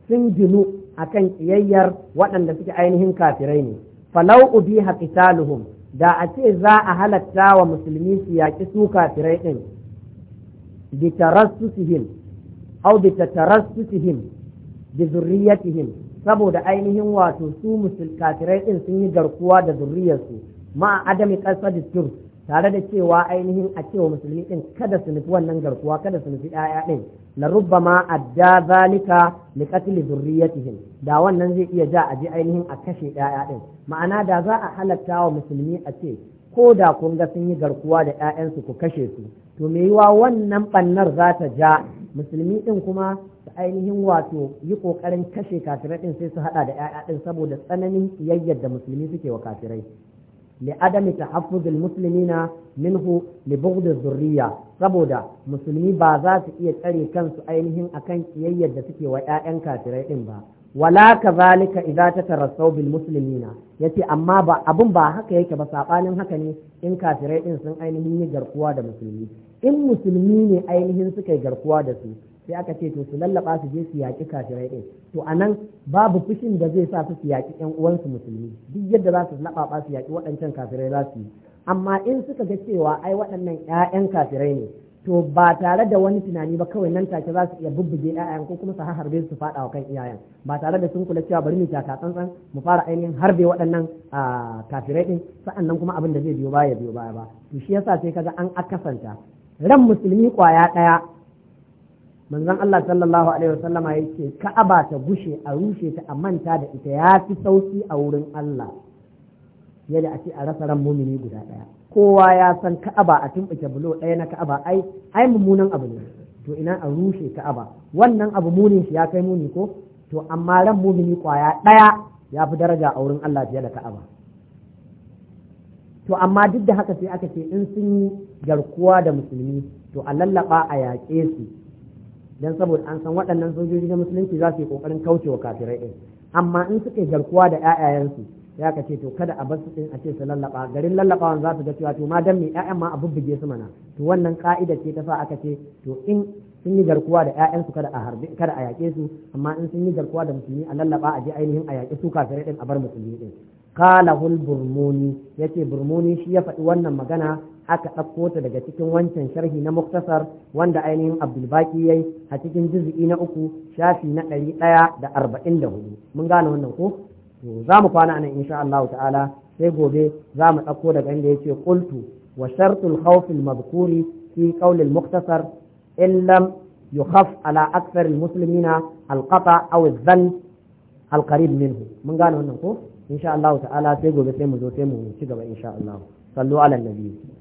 sun ginu akan ƙiyayyar waɗanda suke ainihin kafirai ne falau ubiha qitaluhum da a ce za a halatta wa musulmi su yaƙi su kafirai ɗin bitarassusihim aw bitatarassusihim zurriyatihim saboda ainihin wato su musul kafirai din sun yi garkuwa da zurriyarsu ma adami qasadi tur tare da cewa ainihin a cewa musulmi din kada su nufi wannan garkuwa kada su nufi ɗaya din la rubbama adda zalika li qatli zurriyatihim da wannan zai iya ja a ji ainihin a kashe ɗaya din ma'ana da za a halatta wa musulmi a ce ko da kun ga sun yi garkuwa da 'ya'yansu ku kashe su to me yiwa wannan bannar za ta ja musulmi ɗin kuma su ainihin wato yi kokarin kashe kafirai ɗin sai su haɗa da 'ya'ya din saboda tsananin kiyayyar da musulmi suke wa kafirai adami musulmi na minhu li لبغض zurriya saboda musulmi ba za su iya tsare kansu ainihin akan kiyayyar da suke wa 'ya'yan kafirai ɗin ba wala ka kazalika idza tatarassau bil muslimina yace amma ba abun ba haka yake ba sabanin haka ne in kafirai din sun ainihin yi garkuwa da musulmi in musulmi ne ainihin suka yi garkuwa da su sai aka ce to su lallaba su je su yaƙi kafirai din to anan babu fushin da zai sa su su yaƙi ƴan uwansu musulmi duk yadda za su laɓaɓa su yaƙi waɗancan kafirai za su yi amma in suka ga cewa ai waɗannan ƴaƴan kafirai ne to ba tare da wani tunani ba kawai nan take za su iya bubbuge ƴaƴan ko kuma su harbe su faɗa wa kan iyayen ba tare da sun kula cewa bari mu taka tsantsan mu fara ainihin harbe waɗannan kafirai din nan kuma abin da zai biyo baya biyo baya ba to shi yasa sai kaga an akasanta ran musulmi kwaya ɗaya manzon Allah sallallahu alaihi wasallama yake ka'aba ta gushe a rushe ta a manta da ita ya fi sauki a wurin Allah yadda a ce a rasa ran mumini guda ɗaya kowa ya san ka'aba a tumɓuke bulo ɗaya na ka'aba ai ai mummunan abu ne to ina a rushe ka'aba wannan abu munin shi ya kai muni ko to amma ran mumini kwaya ɗaya ya fi daraja a wurin Allah fiye da ka'aba to amma duk da haka sai aka ce in sun yi garkuwa da musulmi to a lallaba a yaƙe su dan saboda an san waɗannan sojoji na musulunci za su yi ƙoƙarin kaucewa kafirai ɗin amma in suka yi garkuwa da 'ya'yayensu ya ka ce to kada a bar su a ce su lallaba garin lallabawan za su ga cewa to ma dan me ƴaƴan ma a bubbuge su mana to wannan ka'ida ce ta sa aka ce to in sun yi garkuwa da ƴaƴan su kada a harbe kada a yaƙe su amma in sun yi garkuwa da musulmi a lallaba a je ainihin a yaƙe su kafirai din a bar musulmi din qalahul burmuni yace burmuni shi ya faɗi wannan magana aka ɗauko ta daga cikin wancan sharhi na muktasar wanda ainihin abdulbaki yayi a cikin jizi'i na uku shafi na ɗari ɗaya da arba'in da hudu mun gane wannan ko to za mu kwana nan insha Allah ta'ala sai gobe za mu ɗauko daga inda ce kultu wa shartul khawf mazkuri fi qawl al mukhtasar in lam yukhaf ala akthar al muslimina al qata aw al dhann al qarib minhu mun gane wannan ko insha Allah ta'ala sai gobe sai mu zo sai mu ci gaba insha Allah sallu ala nabi